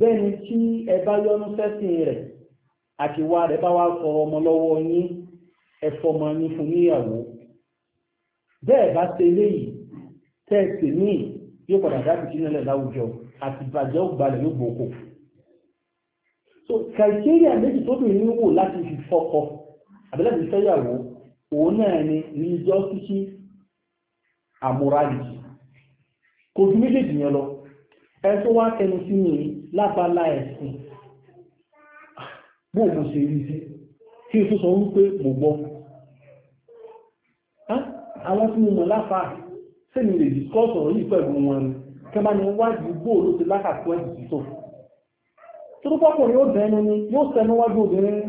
bẹ́ni tí ẹ bá yọ́nú sẹ́sìn rẹ̀ àti wá rẹ̀ bá wá kọ ọmọ lọ́wọ́ yín ẹ fọmọ yín fún níyàwó bẹ́ẹ̀ bá ṣe léyìí tẹ́ẹ̀sì ní yóò padà dá bìtì nílẹ̀ láwùjọ àti ìbàjẹ́ ògbàlẹ̀ yóò gbòókò so kàìkéríà méjì tó bìnrin ní wò láti fi fọkọ àbí láti fẹ́yàwó òun náà ni ríjọ́ títí àmúrálì kò ju méjèèjì yẹn lọ ẹ tó wá tẹnu sí mi lábala ẹ̀sìn bó mo ṣe rí sí kí o tó sọ wípé mo gbọ́ àwọn tí mo mọ̀ láfàá sẹ́ni lè discuss ọ̀rọ̀ yìí pẹ̀lú wọn ni kí máa ní wájú bó ló ti lákàtọ́ ẹ̀sìn títò tó tó pọ́pọ̀ yóò dẹnu ni yóò sẹnu wájú obìnrin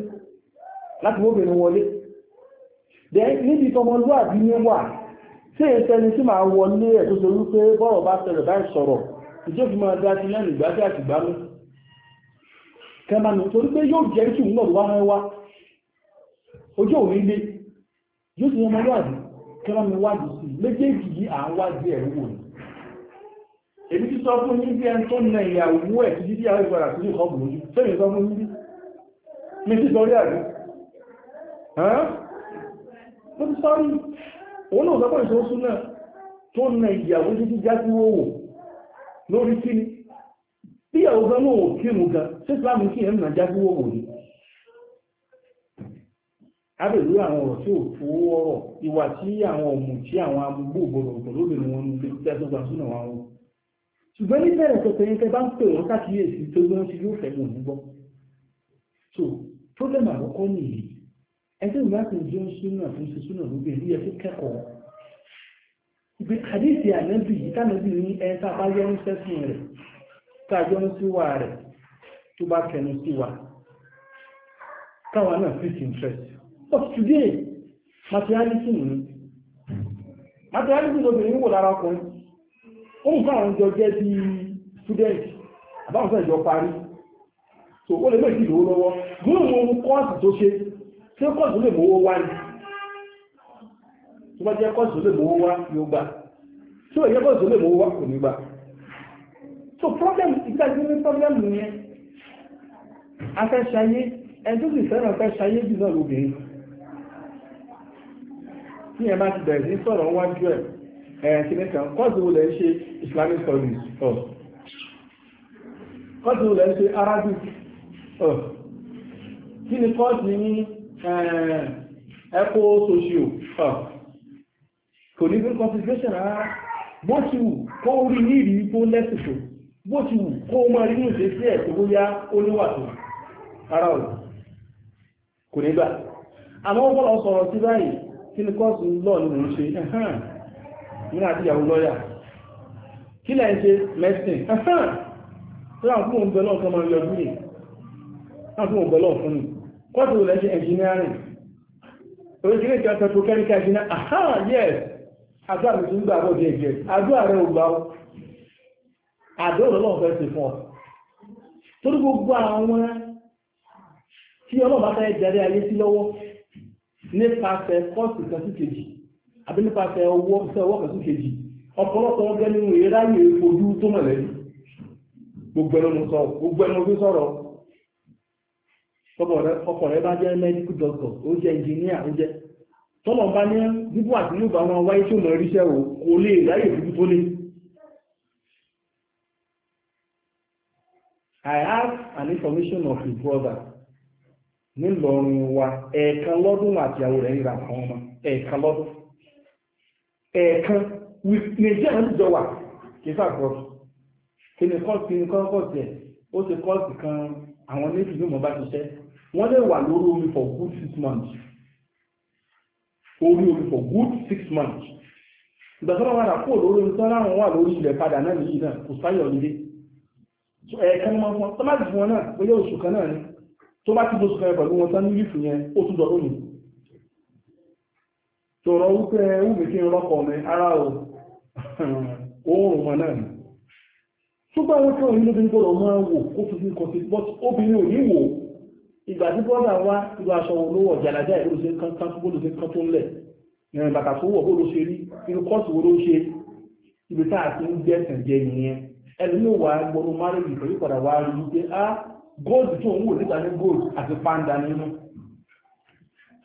láti obìnrin wọlé níbi tọmọlúwàbí ní wà tí èsẹni tí máa wọlé ẹ̀ tó ṣe wípé bọ́rọ̀ bá ṣẹlẹ̀ báyìí sọ̀rọ̀ ìjọ́ fi máa dá sí lẹ́nu ìgbájá àti ìgbámú kẹmanù torí pé yóò jẹ́ kí òun náà wá rán wá ojú òun ilé yóò ti yẹmọ wádìí kẹmanù wádìí sí méjèèjì yìí à ń wádìí ẹ̀rú wò ní èmi ti sọ fún yín bí ẹni tó na ìyàwó ẹ̀ ti dídí àwọn ìgbàrà sí ìkọ́ bùrú jù sẹ́yìn sọ fún yín mi ti sọ rí àrí mo ti sọ rí òun náà sọ pé ìṣòro tó na ìyàwó lórí kí ni bí ẹ̀wọ̀ gan náà kírun gan ṣé islam kí ẹ̀ ń nàjá sí wọ́wọ́ ni abẹ̀lú àwọn ọ̀rọ̀ tí ò fowó ọ̀rọ̀ ìwà tí àwọn ọmọ tí àwọn amúgbò gbọdọ̀ ọ̀tọ̀ lóde ni wọ́n lè tẹ́ tó gbà súnà wọn ṣùgbọ́n ní bẹ̀rẹ̀ tó tẹ̀yìn tẹ́ bá ń pè wọ́n káàkiri tó gbọ́n ti yóò fẹ́ wọn gbọ́ so problem àkọ́kọ́ nìyí ẹgbẹ́ ìgbà tó ń jẹun súnà tó ń ṣe súnà lóde ní ẹ tó kẹ́kọ̀ọ́ pé àdíṣì ànábì yìí tánàbì ní ẹta bá yọ́nú sẹ́sìn rẹ̀ tá yọ́nú síwà rẹ̀ tó bá kẹnu síwà káwa náà fit interest but today materialism ni materialism lóbìnrin wò lára ọkùnrin ó mú káwọn jọ jẹ́ bí student àbáwọn fẹ́ jọ parí so ó lè méjì lówó lọ́wọ́ gbóòmù ohun kọ́ọ̀sì tó ṣe tí ó kọ́ọ̀sì lè mówó wá ní tó bá jẹ́ kọ́ọ̀sì lè mówó wá yóò gbà so ìyẹn bọ́ ìṣòlè mọ́ wá kò ní gbà so problem ìgbàgbé ní problem yẹn afẹ́ṣayé ẹni tó sì fẹ́ràn afẹ́ṣayé jù náà lóbìnrin tí ẹ bá ti bẹ̀rẹ̀ sí sọ̀rọ̀ wájú ẹ̀ ẹ̀rẹ̀ kí nìkan kọ́ọ̀tù wo lẹ́ ń ṣe Islamic studies ọ̀ kọ́ọ̀tù wo lẹ́ ń ṣe Arabic ọ̀ kí ni kọ́ọ̀tù ní ẹ̀kọ́ socio ọ̀ kò ní bí consideration rárá bó ti wù kó rí ní ìrírí tó lẹ́sìkò bó ti wù kó mọ́ rí ní ìṣesí ẹ̀ tó bóyá ó níwà tó ara ọ̀rọ̀ kò ní gbà àmọ́ wọ́n bọ́lọ̀ sọ̀rọ̀ sí báyìí kí ni kọ́ọ̀sì lọ́ ní mò ń ṣe ẹ̀hán ní àti ìyàwó lọ́yà kí lẹ́yìn ṣe mẹ́sìn ẹ̀hán tó ràn fún òun bẹ̀lọ́ kan máa yọ bí ràn fún òun bẹ̀lọ́ fún mi kọ́ọ̀sì lẹ́ ṣe engineering oríṣiríṣi ọ̀sẹ̀ tó kẹ́ríkà ẹ̀jìnà ẹ̀hán yes àdúrà mi ti ń gbà bọ́ díẹ̀ díẹ̀ àdúrà rẹ̀ ò gbà ó àdúrà ọlọ́run fẹ́ ṣe fún ọ torí gbogbo àwọn tí ọlọ́run bá fẹ́ jẹrẹ ayé sí lọ́wọ́ nípasẹ̀ kọ́ọ̀sì kan sí kejì àbí nípasẹ̀ owó iṣẹ́ owó kan sí kejì ọ̀pọ̀lọpọ̀ ọgbẹ́ nínú ìráyè ojú tó mọ̀lẹ́bí gbogbo ẹnu mo sọ gbogbo ẹnu mo sọ̀rọ̀ ọkọ̀ rẹ̀ bá jẹ́ medical doctor ó jẹ́ engineer ó jẹ́ tọ́lọ̀ bá ní bíbú àti yóò bá wọn wáyé tí ó mọ̀ ríṣẹ́ ò kò lè ráyè bíbú tó lé I have an information of his brother nílọrin wa ẹ̀ẹ̀kan lọ́dún àtìyàwó rẹ̀ ríra àwọn ọmọ ẹ̀ẹ̀kan lọ́dún ẹ̀ẹ̀kan nìjẹ́ àwọn ìjọ wà kí sàkọ́ kí ni kọ́ọ̀sì ní kọ́ọ̀sì ẹ̀ ó ti kọ́ọ̀sì kan àwọn méjì ní mọ̀ bá ṣiṣẹ́ wọ́n lè wà lórí omi for good six months orí omi for good six months ìgbàsọ́rọ̀ wà kó lórí omi tán láwọn wà lórí ilẹ̀ padà náà nìyí náà kò sáyọ̀ nílé ẹ̀ẹ̀kan mọ́ fún tó má ti fún wọn náà pé yóò oṣù kan náà ni tó bá ti bó sùkẹ́ pẹ̀lú wọn tán ní ìlú yẹn ó tún dọ̀rọ̀ yìí tọ̀rọ̀ wípé wùmí kí n rọ́kọ̀ mi ara o oòrùn mọ̀ náà ni ṣùgbọ́n wọn kí òun lóbi ń gbọ́dọ̀ máa wò kó tuntun kan sí but obìnrin ò ní wò ìgbà tí bọ́dà wá irú aṣọ olówó jàlájà ìbólóṣe kankan bólóṣe kan tó ń lẹ̀ ìrìn bàtà tó wọ̀ bólóṣe rí irú kọ́ọ̀tù wo ló ṣe ibi tá a ti ń jẹ́ ẹ̀sìn jẹ nìyẹn ẹni ní wà gbọ́dọ̀ márùn-ún ìtọ́jú padà wá rí i pé á ah, góòlù tó ń wò níta ní góòlù àti pàǹdà nínú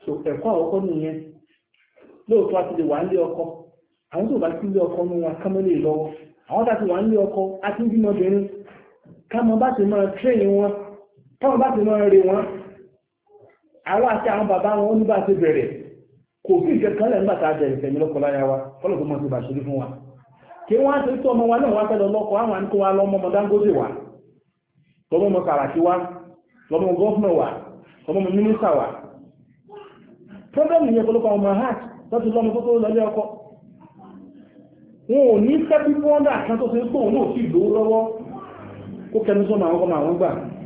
so ẹ̀kọ́ àkọ́kọ́ nìyẹn lóòótọ́ àti lè wà ń lé ọkọ àwọn tó bá ti lé ọkọ ní wọn kámẹ́lẹ̀ lọ́wọ́ àwọn tá ti wà ń lé ọkọ á ti ń bímọ obìnrin ká mọ bá ti máa tírẹ̀yìn wọn káwọn bá ti lọ rí wọn àwọn àti àwọn bàbá wọn ó ní bá ti bẹ̀rẹ̀ kò sí ìkẹ́kọ̀ọ́ lẹ́nu bàtà àjẹrẹ̀ tẹ̀mí lọ́kọ̀ láyá wa kọ́lọ̀ tó mọ̀ sí bàṣírí fún wa kí wọ́n á ti tó ọmọ wa náà wá fẹ́lọ lọ́kọ̀ àwọn àníkó wa lọ́mọ ọmọ Dangote wa lọ́mọ ọmọ Kàràkí wa lọ́mọ gọ́fúnà wa lọ́mọ ọmọ mínísà wa pọ́blẹ́mù yẹn kọ́lọ́kọ́ ọmọ hajj lọ́ti lọ́mọ tó tó lọ́lé ọkọ̀ wọn ò ní sẹ́bí wọ́ndà kan tó ṣe pé òun ò sì lówó kó kẹnu sọ́mọ àwọn ọmọ àwọn gbà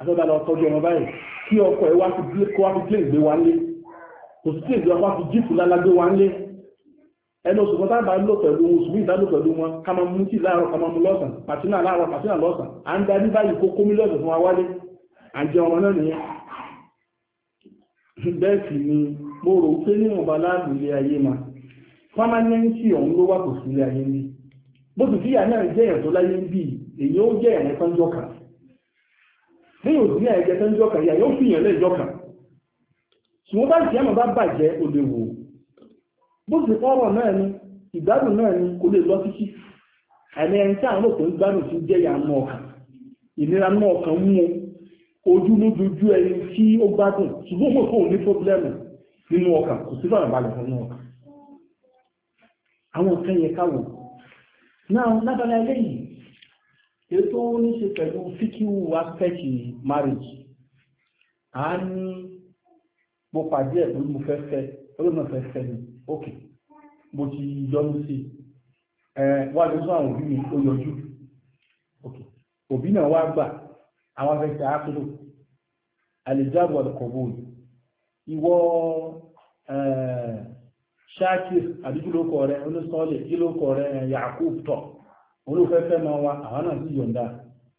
àtọ́dá lọ tọ́jú ọmọ báyìí kí ọkọ̀ ẹ̀ wá fi gbé kó wá fi gbé ìgbé wa nlé kò sí tí ìgbé wa fi jíìpù lálágbé wa nlé ẹnu oṣù kan tábà lò pẹ̀lú oṣù mí ìdálò pẹ̀lú wọn ká máa mú tí láàárọ̀ ká máa mú lọ́sàn pàtínà láàárọ̀ pàtínà lọ́sàn à ń darí báyìí kó kó mílíọ̀nù fún wa wálé à ń jẹ ọmọ náà nìyẹn bẹ́ẹ̀ sì ni mo rò pé níwọ̀nba láàbù ilé ayé ma pámánẹ́ǹtì ọ̀hún ló wà kò sí ilé ayé ní bó sì fíyà náà jẹ́ ẹ̀ tó láyé ń bì èyí ó jẹ́ ẹ̀rẹ́ kan lẹ́yìn òdí ẹ̀jẹ̀ tó ń jọ́kà ìyá yóò fi yàn lẹ́yìn jọ́kà ṣùgbọ́n bá jẹ́ mọ̀ bá bàjẹ́ ò lè wò bó ti fọ́rọ̀ náà ni ìgbádùn náà ni kò lè lọ títí àmì ẹni tí àwọn òkú ń gbádùn sí jẹ́ ìyá náà ọkàn ìnira náà ọkàn mú ojú ló dojú ẹni tí ó gbádùn ṣùgbọ́n kò fóun ní pọ́blẹ́mù nínú ọkàn kò sí fàrà balẹ̀ fún ọkàn àwọn nǹkan yẹn káwò náà lábala eléyìí ètò ó ní ṣe pẹ̀lú fíkíwù aspect marriage a ní mo pàdé ẹ̀ pẹ̀lú mo fẹ́ fẹ́ olóòmọ̀ fẹ́ fẹ́ mi ok mo ti yọnu sí ẹ wá lọ sọ àwọn òbí mi ó yọjú ok òbí náà wá gbà àwọn afẹ́fẹ́ àkúrò àlèjáàbò àdìkọ̀bọ̀ ìwọ ṣáàkì àdìgúlókọ̀ rẹ̀ onísọ́ọ̀lẹ̀ kílókọ̀ rẹ̀ yàkúù tọ̀ olúfẹ́fẹ́ máa wa àwọn náà sí yọ̀ǹda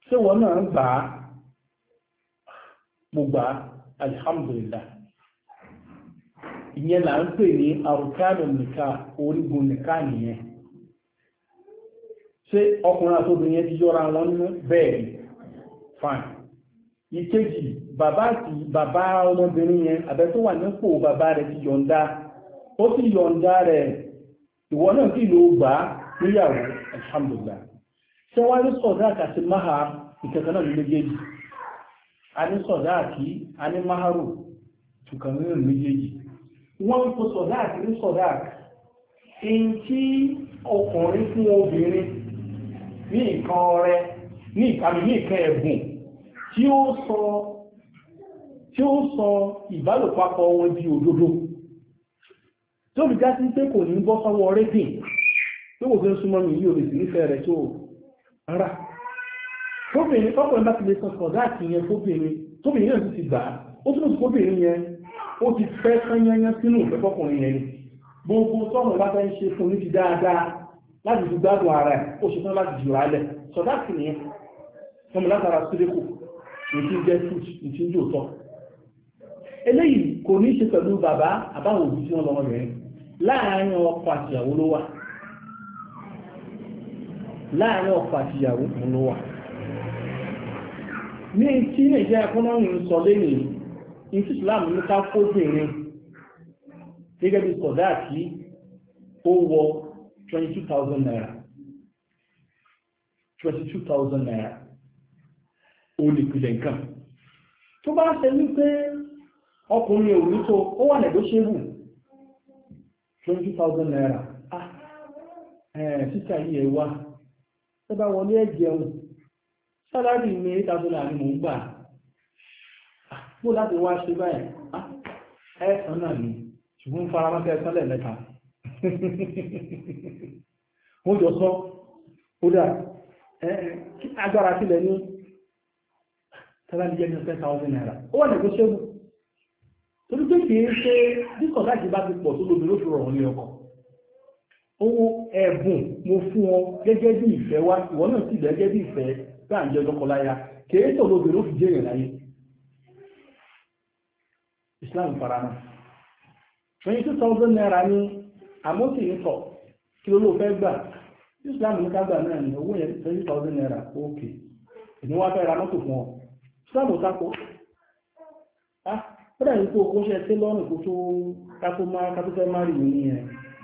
ṣé wọ́n náà ń gbà á mo gbà á alhamdulillah ìyẹn là ń pè ní arukanu nìka orígun nìka nìyẹn ṣé ọkùnrin àtòbìnrin ti yọra wọn nínú bẹ́ẹ̀ fine ìkejì bàbá àti bàbá ọmọbìnrin yẹn àbẹ tó wà nípò bàbá rẹ̀ ti yọ̀ǹda ó sì yọ̀ǹda rẹ̀ ìwọ náà sì ló níyàwó alhamdulillah ṣe wá ní sọ̀dáàkì àti mahar ní méjèèjì a ní sọ̀dáàkì a ní maharu tukànnú ní méjèèjì wọ́n sọ̀dáàkì ní sọ̀dáàkì in tí ọkùnrin fún obìnrin ní ọrẹ ní ìkàmì ní ẹ̀bùn tí ó sọ ìbálòpapọ̀ wọn di òdodo tó tí wò fẹ́ súnmọ́ mi yóò lè sì nífẹ̀ẹ́ rẹ̀ tó rà fóbìnrin ọkùnrin bá ti lè sọ̀tọ̀ láti yẹn fóbìnrin tóbìnrin náà ti gbà á ó túnmọ̀ sí fóbìnrin yẹn ó ti fẹ́ sányányá sínú ìfẹ́ fọkùnrin yẹn gbogbo tọ́nà bá fẹ́ ń ṣe fún níbi dáadáa láti fi gbádùn ara ẹ̀ ó ṣe tán láti jùlọ alẹ̀ sọ̀dá sì nìyẹn ọmọ látara sírékù nìtí jẹ́ fúch nìtí jò tọ́ eléyìí kò ní ṣe pẹ̀lú bàbá àbáwọn òbí tí wọ́n lọ́mọbìnrin láàárín ọkọ àtìyàwó ló wà láàrin ọ̀pọ̀ àti ìyàwó kan ló wà ní tí nàìjíríà ń sọ lé nìyí ìtú ní ká fóbìnrin gẹ́gẹ́ bí sọ̀dá àti ó 22,000 naira 22,000 naira ó lè pìlẹ̀ nǹkan tó bá ṣe wípé ọkùnrin òní tó ó wà 22,000 naira ah ẹ̀ẹ́ sísà yìí ẹ̀ tó bá wọlé ẹ̀jẹun sálárì mi níta tó láàrin mò ń gbà mú ah, láti wá ṣe báyìí ah, ẹ̀sán náà ni ṣùgbọ́n faramọ́tẹ́ ẹ̀sán lẹ́ẹ̀mẹ́ta wọ́n jọ sọ ó dà agbára sílẹ̀ ní tàbí jẹ́ ní 10,000 owó ẹ̀bùn mo fún ọ gẹ́gẹ́ bí ìfẹ́ wá ìwọ náà sì gẹ́gẹ́ bí ìfẹ́ bá ń jẹ lọ́kọláya kìí tó lóbìnrin ó fi jẹ́ ìrìn láyé Islam farama 22,000 naira ní àmókì ní kọ̀ kí ló ló fẹ́ gbà Islam ní kágbà náà ní owó yẹn 20,000 naira ókè ìní wá fẹ́ ra mọ́tò fún ọ Islam ò tako ah ó dà kó o kó ṣe sí lọ́rùn kó tó ká tó má ká fẹ́ má rí mi nìyẹn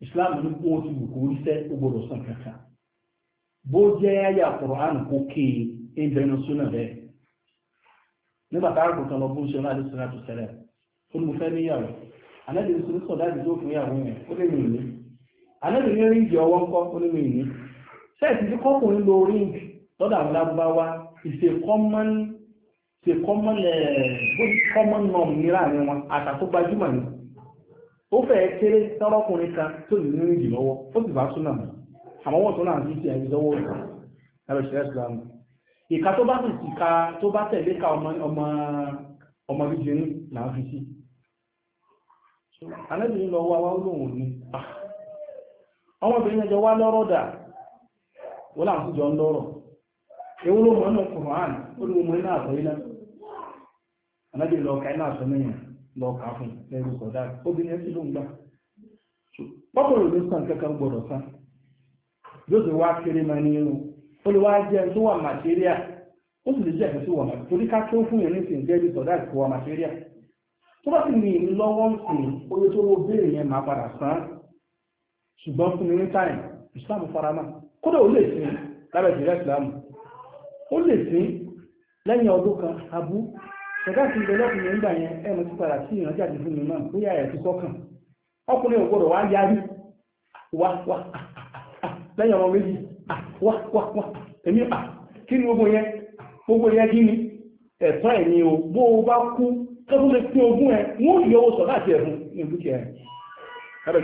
islam ní kó o ti wù kó o ríṣẹ́ ó gbọdọ̀ san kankan bó jẹ́ ayé Qur'an kó kéè ń bẹnu súnà rẹ̀ nígbà tá a kò tán lọ bó ń ṣe láti sọ́nà tó ṣẹlẹ̀ ó ní mo fẹ́ níyàwó anábì ní sunú sọ̀dá ìdíjọ́ fún ìyàwó yẹn ó lè mi ìní anábì ní ríǹgì ọwọ́ ńkọ́ ó lè mi ìní sẹ́ẹ̀tì tí kọ́kùnrin lo ríǹgì lọ́dọ̀ àwọn lábúbáwá ìṣe common ṣe common ẹ̀ eh, bó common norm ní láàrin wọn àtàkó gbajúmọ̀ ó fẹ́ kéré tọ́rọkùnrin kan tó lè ní ìdì lọ́wọ́ ó sì bá súnà mọ́ àmọ́ wọ́n tó náà sí ti ẹ̀rí lọ́wọ́ rẹ̀ ẹ̀rọ ìṣẹ́ ìka tó bá ka tó bá tẹ̀lé ka ọmọ ọmọ bíjẹ ní fi sí anábìnrin lọ wá wá lóhùn ní ah. ọmọbìnrin ẹjọ wá lọ́rọ̀ dà wọ́n jọ ń lọ́rọ̀ ewu ló mọ̀ ọ́nà ó mọ̀ lọ lọ kà fún lẹ́rù sọ̀dá obìnrin ẹ̀sìn ló ń gbà pọ́kùnrin ló sàn gbọ́dọ̀ yóò sì wá máa ní ó lè wá jẹ́ tó wà màtíríà ó sì lè jẹ́ tó wà màtíríà torí ká tó fún yẹn kò wà màtíríà tó bá sì ní ń sìn oye tó béèrè yẹn máa padà sán ṣùgbọ́n ọ̀gá ti ilẹ̀ lọ́kùn yẹn yẹn ẹ̀mọ̀ ti padà sí ìrànjẹ́ àti fún mi náà bóyá ẹ̀ ti sọ́kàn ọkùnrin wá lẹ́yìn ọmọ méjì èmi kí ni gbogbo yẹn gbogbo yẹn kí ni ẹ̀tọ́ ẹ̀ ni o bó o bá kú kẹ́kọ̀ọ́ lè pín ogún ẹ̀ wọ́n yọ owó sọ e ẹ̀fún ní dúkìá ẹ̀ kábẹ̀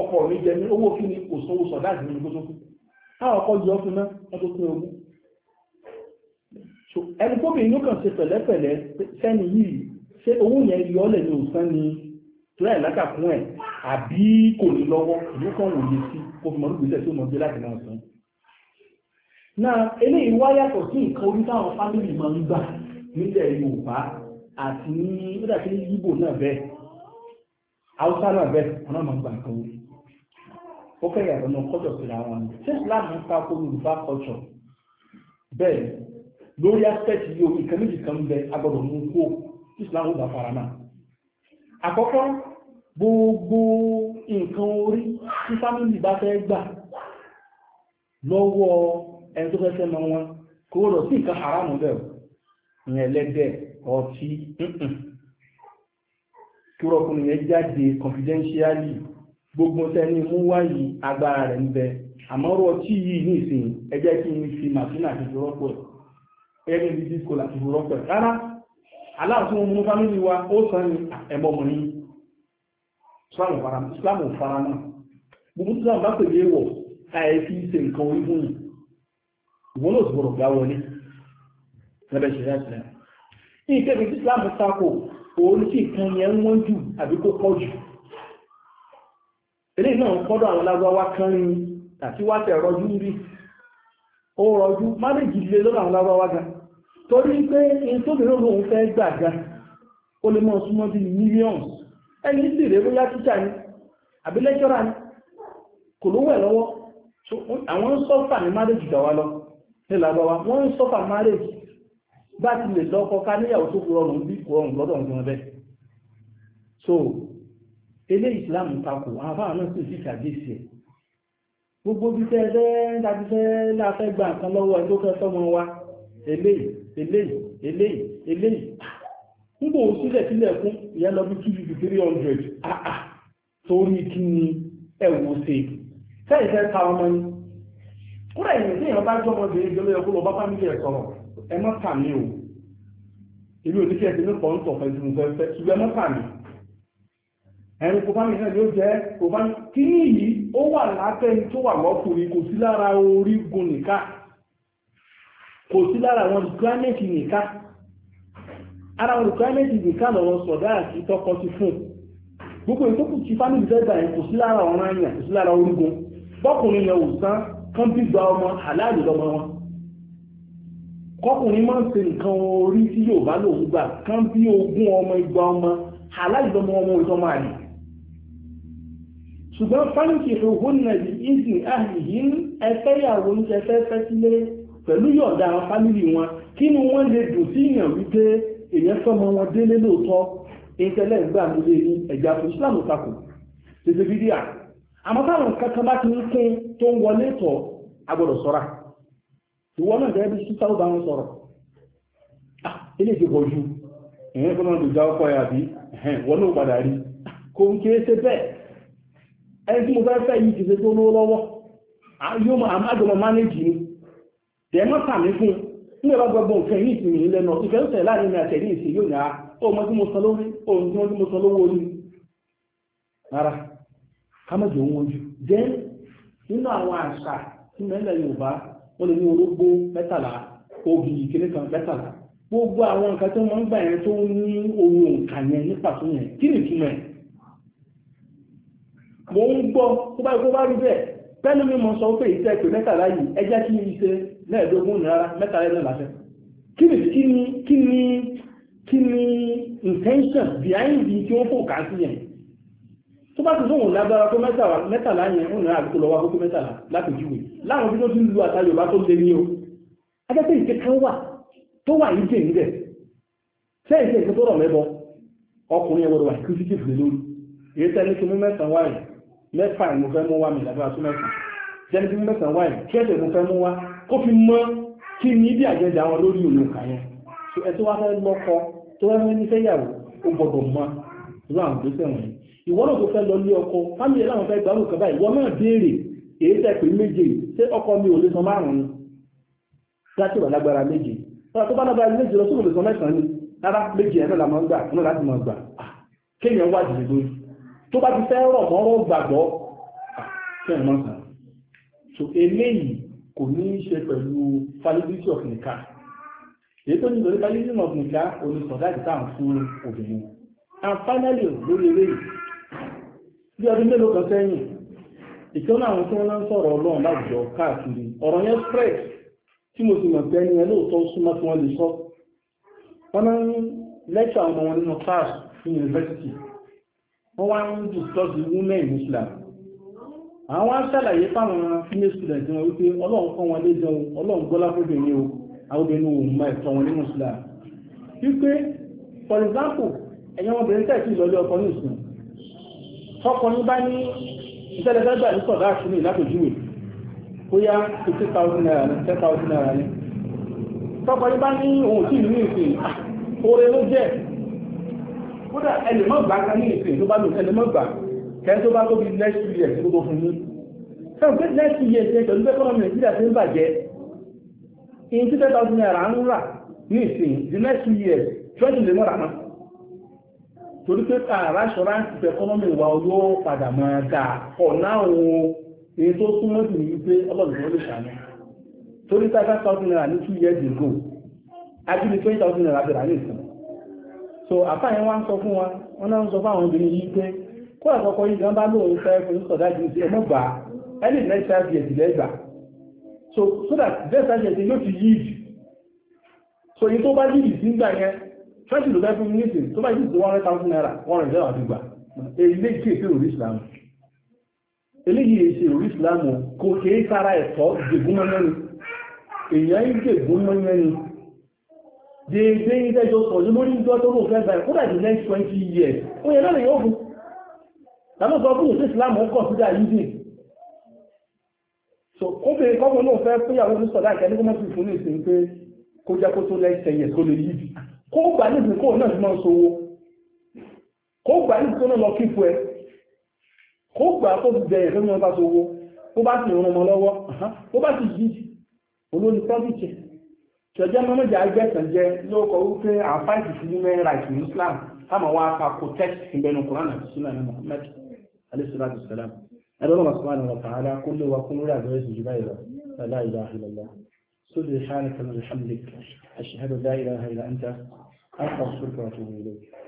ọkọ mi jẹ ní owó so ẹni tóbìnrin ló kàn ṣe pẹ̀lẹ́pẹ̀lẹ́ sẹ́ni yìí ṣé owó yẹn yọ ọ́ lẹ̀ ní òsán ni tíláì lákà fún ẹ̀ àbí kò ní lọ́wọ́ ìlú kan wò yé sí kó fi mọ́lú gbèsè tó mọ̀ gbé láti náà sàn. náà eléyìí wá yàtọ̀ sí nǹkan orí táwọn fámìlì máa ń gbà nílẹ̀ Yorùbá àti ní ó dàbí ní Yíbò náà bẹ́ẹ̀ Haúsá náà bẹ́ẹ̀ ọ̀nà máa ń gbà nǹkan ṣé Islam ń ta kó Yorùbá bẹ́ẹ̀ lórí aspect yóò nǹkan méjì kan bẹ agbọ́dọ̀ mú kó islam ó bá fara náà àkọ́kọ́ gbogbo nǹkan orí tí fámìlì bá fẹ́ gbà lọ́wọ́ ẹni tó fẹ́ fẹ́ mọ wọn kó lọ sí nǹkan haram bẹ́ẹ̀ ìyẹn ẹlẹ́dẹ̀ ọtí kí rọkùnrin yẹn jáde confidentially gbogbo tẹni mú wáyìí agbára rẹ̀ ń bẹ àmọ́rọ̀ ọtí yìí ní ìsìn ẹjẹ́ kí n fi màtínà àti ìrọ́pọ̀ ẹ̀ ẹni bí disco láti rọ́ pẹ̀ rárá aláàtún mú fámílì wa ó sàn ní ẹ̀mọ́ mọ̀ ní islam fara náà gbogbo tí wọ́n bá pè ní èèwọ̀ káyẹ̀ fi ṣe nǹkan orí fún yìí ìwọ́n ló gbọ́dọ̀ gbá wọlé lẹ́bẹ̀ ṣe láti rẹ̀ ní ìkẹ́bí tí islam tako òun sì kan yẹn ó rọjú má lè jìlé lọ́dọ̀ àwọn lágbàwá gan torí pé in tó bèèrè òun fẹ́ gbàgbà ó lè mọ́ súnmọ́ bí millions ẹni sì rẹ̀ bóyá títà ní àbí lẹ́kọ́rà ní kò ló wẹ̀ lọ́wọ́ àwọn ń sọ́fà ní marriage gbà wá lọ ní làbáwá wọ́n ń sọ́fà marriage bá ti lè lọ́kọ́ ká níyàwó tó rọrùn bí kò rọrùn lọ́dọ̀ nǹkan bẹ́ẹ̀ so ilé Islam takò àfáà náà sì sí kàdísì ẹ̀ gbogbo bí tẹ́ẹ̀ẹ́ láti fẹ́ láfẹ́ gbà nǹkan lọ́wọ́ ẹ̀ tó kẹ́ sọ́mọ wa eléyìí eléyìí eléyìí eléyìí n bò sílẹ̀ sílẹ̀ fún ìyá lọ bí two fifty three hundred àà ah, ah. torí kí ni ẹ̀wò ṣe fẹ́ẹ̀ fẹ́ ta ọmọ ni kúrẹ̀ ìyẹn tí èèyàn bá jọ ọmọbìnrin jọ lóyẹ kó lọ bá fámìlì ẹ̀ sọ̀rọ̀ ẹ má kà mí o èmi ò ní kí ẹ ti ní pọ̀ ń tọ̀fẹ́ ju nǹkan fẹ́ ṣùgbọ́n ẹ má kà mí kò bá mi yóò jẹ́ kò sí lára àwọn requirement nìka ara àwọn requirement nìka lọ́wọ́ sọ̀dá àti tọ́kọ ti fún gbogbo ìtókù tí family fẹ́ gbà yẹn kò sí lára ọ̀ràn àyàn kò sí lára orígun bọ́kùnrin yẹn ò sán kán bí gba ọmọ aláàlú lọ́mọ wọn kọkùnrin máa ń ṣe nǹkan orí tí yóò bá lòun gbà kán bí ogún ọmọ igba ọmọ aláàlú lọ́mọ ọmọ ìtọ́mọ àlè ṣùgbọ́n fáńkì ìhòhò nàìjíríà ìsìn àhìhìn ẹfẹ́ ìyàwó ń ṣẹfẹ́ fẹ́ sílé pẹ̀lú yọ̀ǹda àwọn wọn kí ni wọ́n lè dùn sí èèyàn wípé èèyàn fọ́mọ wọn délé lóòótọ́ ìtẹ́lẹ̀ gbà nílé ní ẹ̀já fún Islam takò tètè fídíà àmọ́ táwọn kankan bá ti ń kún tó ń wọlé tọ̀ agbọ́dọ̀ sọ́ra ìwọ náà bí bá sọ̀rọ̀ ah, ilé ti pọ̀ ju ìyẹn fún ọdún ìjà ọkọ̀ wọn náà padà dẹ̀mọ́ sàmì fún ní ọba gbogbo nǹkan yìí ti mìíràn lẹ́nu ìfẹ́ ń láàrin ní àtẹ̀lé ìsì yóò náà o mọ́ tí mo sọ lórí ohun tí wọ́n tí mo sọ lówó orí rárá ohun ojú jẹ́ ní orógbó kan mẹ́tàlá gbogbo àwọn nǹkan tí wọ́n ń gbà yẹn tó ní ohun òǹkà yẹn ní pàtó yẹn kí ni ìtumọ̀ mo ń gbọ́ tó bá rí bẹ́ẹ̀ pẹ́lú mẹ́ẹ̀ẹ́dógún rárá mẹ́ta rẹ̀ náà láṣẹ kí ni intention behind the tí ó sí yẹn tó bá ti sóhun lágbára tó mẹ́tàlá yẹn ó nìyà àgbẹ̀kọ́ lọ́wọ́ àkókò mẹ́tàlá láti júwe láwọn bí tó ti ń lu àtà tó lé o ajẹ́pẹ́ ìkẹ́kẹ́ wà tó wà ní jẹ́ níbẹ̀ ṣé ìṣe ìṣe tó rọ̀ mẹ́bọ ọkùnrin ẹwọ́dọ̀ wà kí fífi fìlè lórí èyí tẹ́ni tí mú mẹ́sàn-án wáyé mẹ́fà mo fẹ́ mú wá mi lágbára tó mẹ́sàn jẹ́ni tí mú mẹ́sàn-án kí ẹ̀jẹ̀ kó fi mọ́ kí ní bí àjẹ́jà wọn lórí òlùkà yẹn so ẹ tó wá fẹ́ lọ́kọ tó wá fẹ́ ní fẹ́yàwó ó gbọ́dọ̀ mọ́ irú àwọn ìgbésẹ̀ wọ̀nyí ìwọ náà tó fẹ́ lọ lé ọkọ fámìlì láwọn fẹ́ gbàrú kaba ìwọ náà béèrè èyí tẹ̀ pé méje ṣé ọkọ mi ò lè san márùn-ún láti wà lágbára méje tó bá lágbára méje lọ sóòlù san mẹ́sàn-án ni rárá méje ẹ̀rọ la máa ń gbà kéèyàn wá kò ní í ṣe pẹ̀lú validity of nìkan èyí tó ní lórí validity of nìkan onísọ̀dá ìta fún obìnrin and finally lórí eré bí ọdún mélòó kan sẹ́yìn ìkan náà tí wọ́n ń sọ̀rọ̀ ọlọ́run láwùjọ káàkiri ọ̀rọ̀ yẹn spread tí mo sì mọ̀ pé ẹni ẹlò tó súnmọ́ tí wọ́n lè sọ wọ́n máa ń lẹ́kṣọ̀ àwọn ọmọ wọn nínú class ní university wọ́n wá ń discuss the women in àwọn wá ṣàlàyé fáwọn female students wọn wípé ọlọ́run kọ́ wọn léjọ ọlọ́run gbọ́lá fóbìnrin o àwọbìnrin òun máa ẹ̀tọ́ wọn nínú ìsìlá wípé for example ẹ̀yàn ọmọbìnrin tẹ̀sí ìlọlé ọkọ ní ìsìn tọkọ ní bá ní ìtẹ́lẹ̀fẹ́gbà ní sọ̀dá àṣírí lápèjúwe bóyá fifty thousand naira ní ten thousand naira ní tọkọ ní bá ní ohun tí ìlú ní ìsìn oore ló jẹ́ kódà ẹlẹ́mọ̀gbà kan ní ìsìn tó bá lò ẹlẹ́mọ̀gbà kẹ́ni tó bá tó bí next year tó tó fún yín sọ́n pé next year ṣe pẹ̀lú bẹ́ẹ̀ kọ́nà nàìjíríà ṣe ń bàjẹ́ in two thousand naira ń rà ní ìsìn the next year twenty lè mọ́ra náà torí pé ààrá ṣọ́ra ń ti ẹkọ́nọ́mì wa yóò padà máa ga ọ̀nà àwọn èyí tó súnmọ́ sí ní pé years ago ajínigbé twenty thousand naira bẹ̀rẹ̀ ní so àfáàyẹn wá ń sọ fún wa wọn náà fún àkọ́kọ́ yìí gan bá lóun fẹ́ fún sọ̀dá ju sí ẹmọ́ gbà ẹni next five years lẹ́gbà so so that next five years yóò ti yield so yìí tó bá yield sí gbà yẹn twenty ló fẹ́ fún nísìn tó bá yield sí one hundred thousand naira one hundred thousand àti gbà èyí lè kí èsè òrí ìsìlámù eléyìí èsè òrí ìsìlámù kò kéé sára ẹ̀tọ́ gbègún mẹ́rin èèyàn ń gbègún mẹ́rin déédéé ń tẹ́jọ sọ̀rọ̀ lórí ìjọ tó lóòfẹ́ báyìí kódà ní next twenty years tàbí sọ fún ìsìláàmù ń kọ̀sídà yìí so kóbìnrin kọ́kùn náà fẹ́ fún ìyàwó ní sọ̀dá ìkẹ́ ní kọ́mọ́ sí fún ìsìn pé kó jẹ́ kó tó lẹ́sẹ̀ yẹ̀ kó lè yìí kó gbà ní ìsìn kó náà ti máa ń sowó kó gbà ní ìsìn tó náà lọ kí fún ẹ kó gbà tó ti jẹ ìfẹ́ mọ́ bá sowó ó bá sì rún ọmọ lọ́wọ́ ó bá sì yí olórí pọ́fìtì ṣọjọ́ mọ́mọ́jà agbẹ́sàn jẹ lóòkọ̀ wípé àfáìsì sí human rights in Islam táwọn wá ka protect ìbẹnu Kùránì àti Sunnah ní Muhammad عليه الصلاة والسلام قال الله سبحانه وتعالى قل وقل لا جويس جبايرة لا إله إلا الله سبحانك من الحمدك أشهد لا إله إلا أنت أستغفرك وأتوب إليك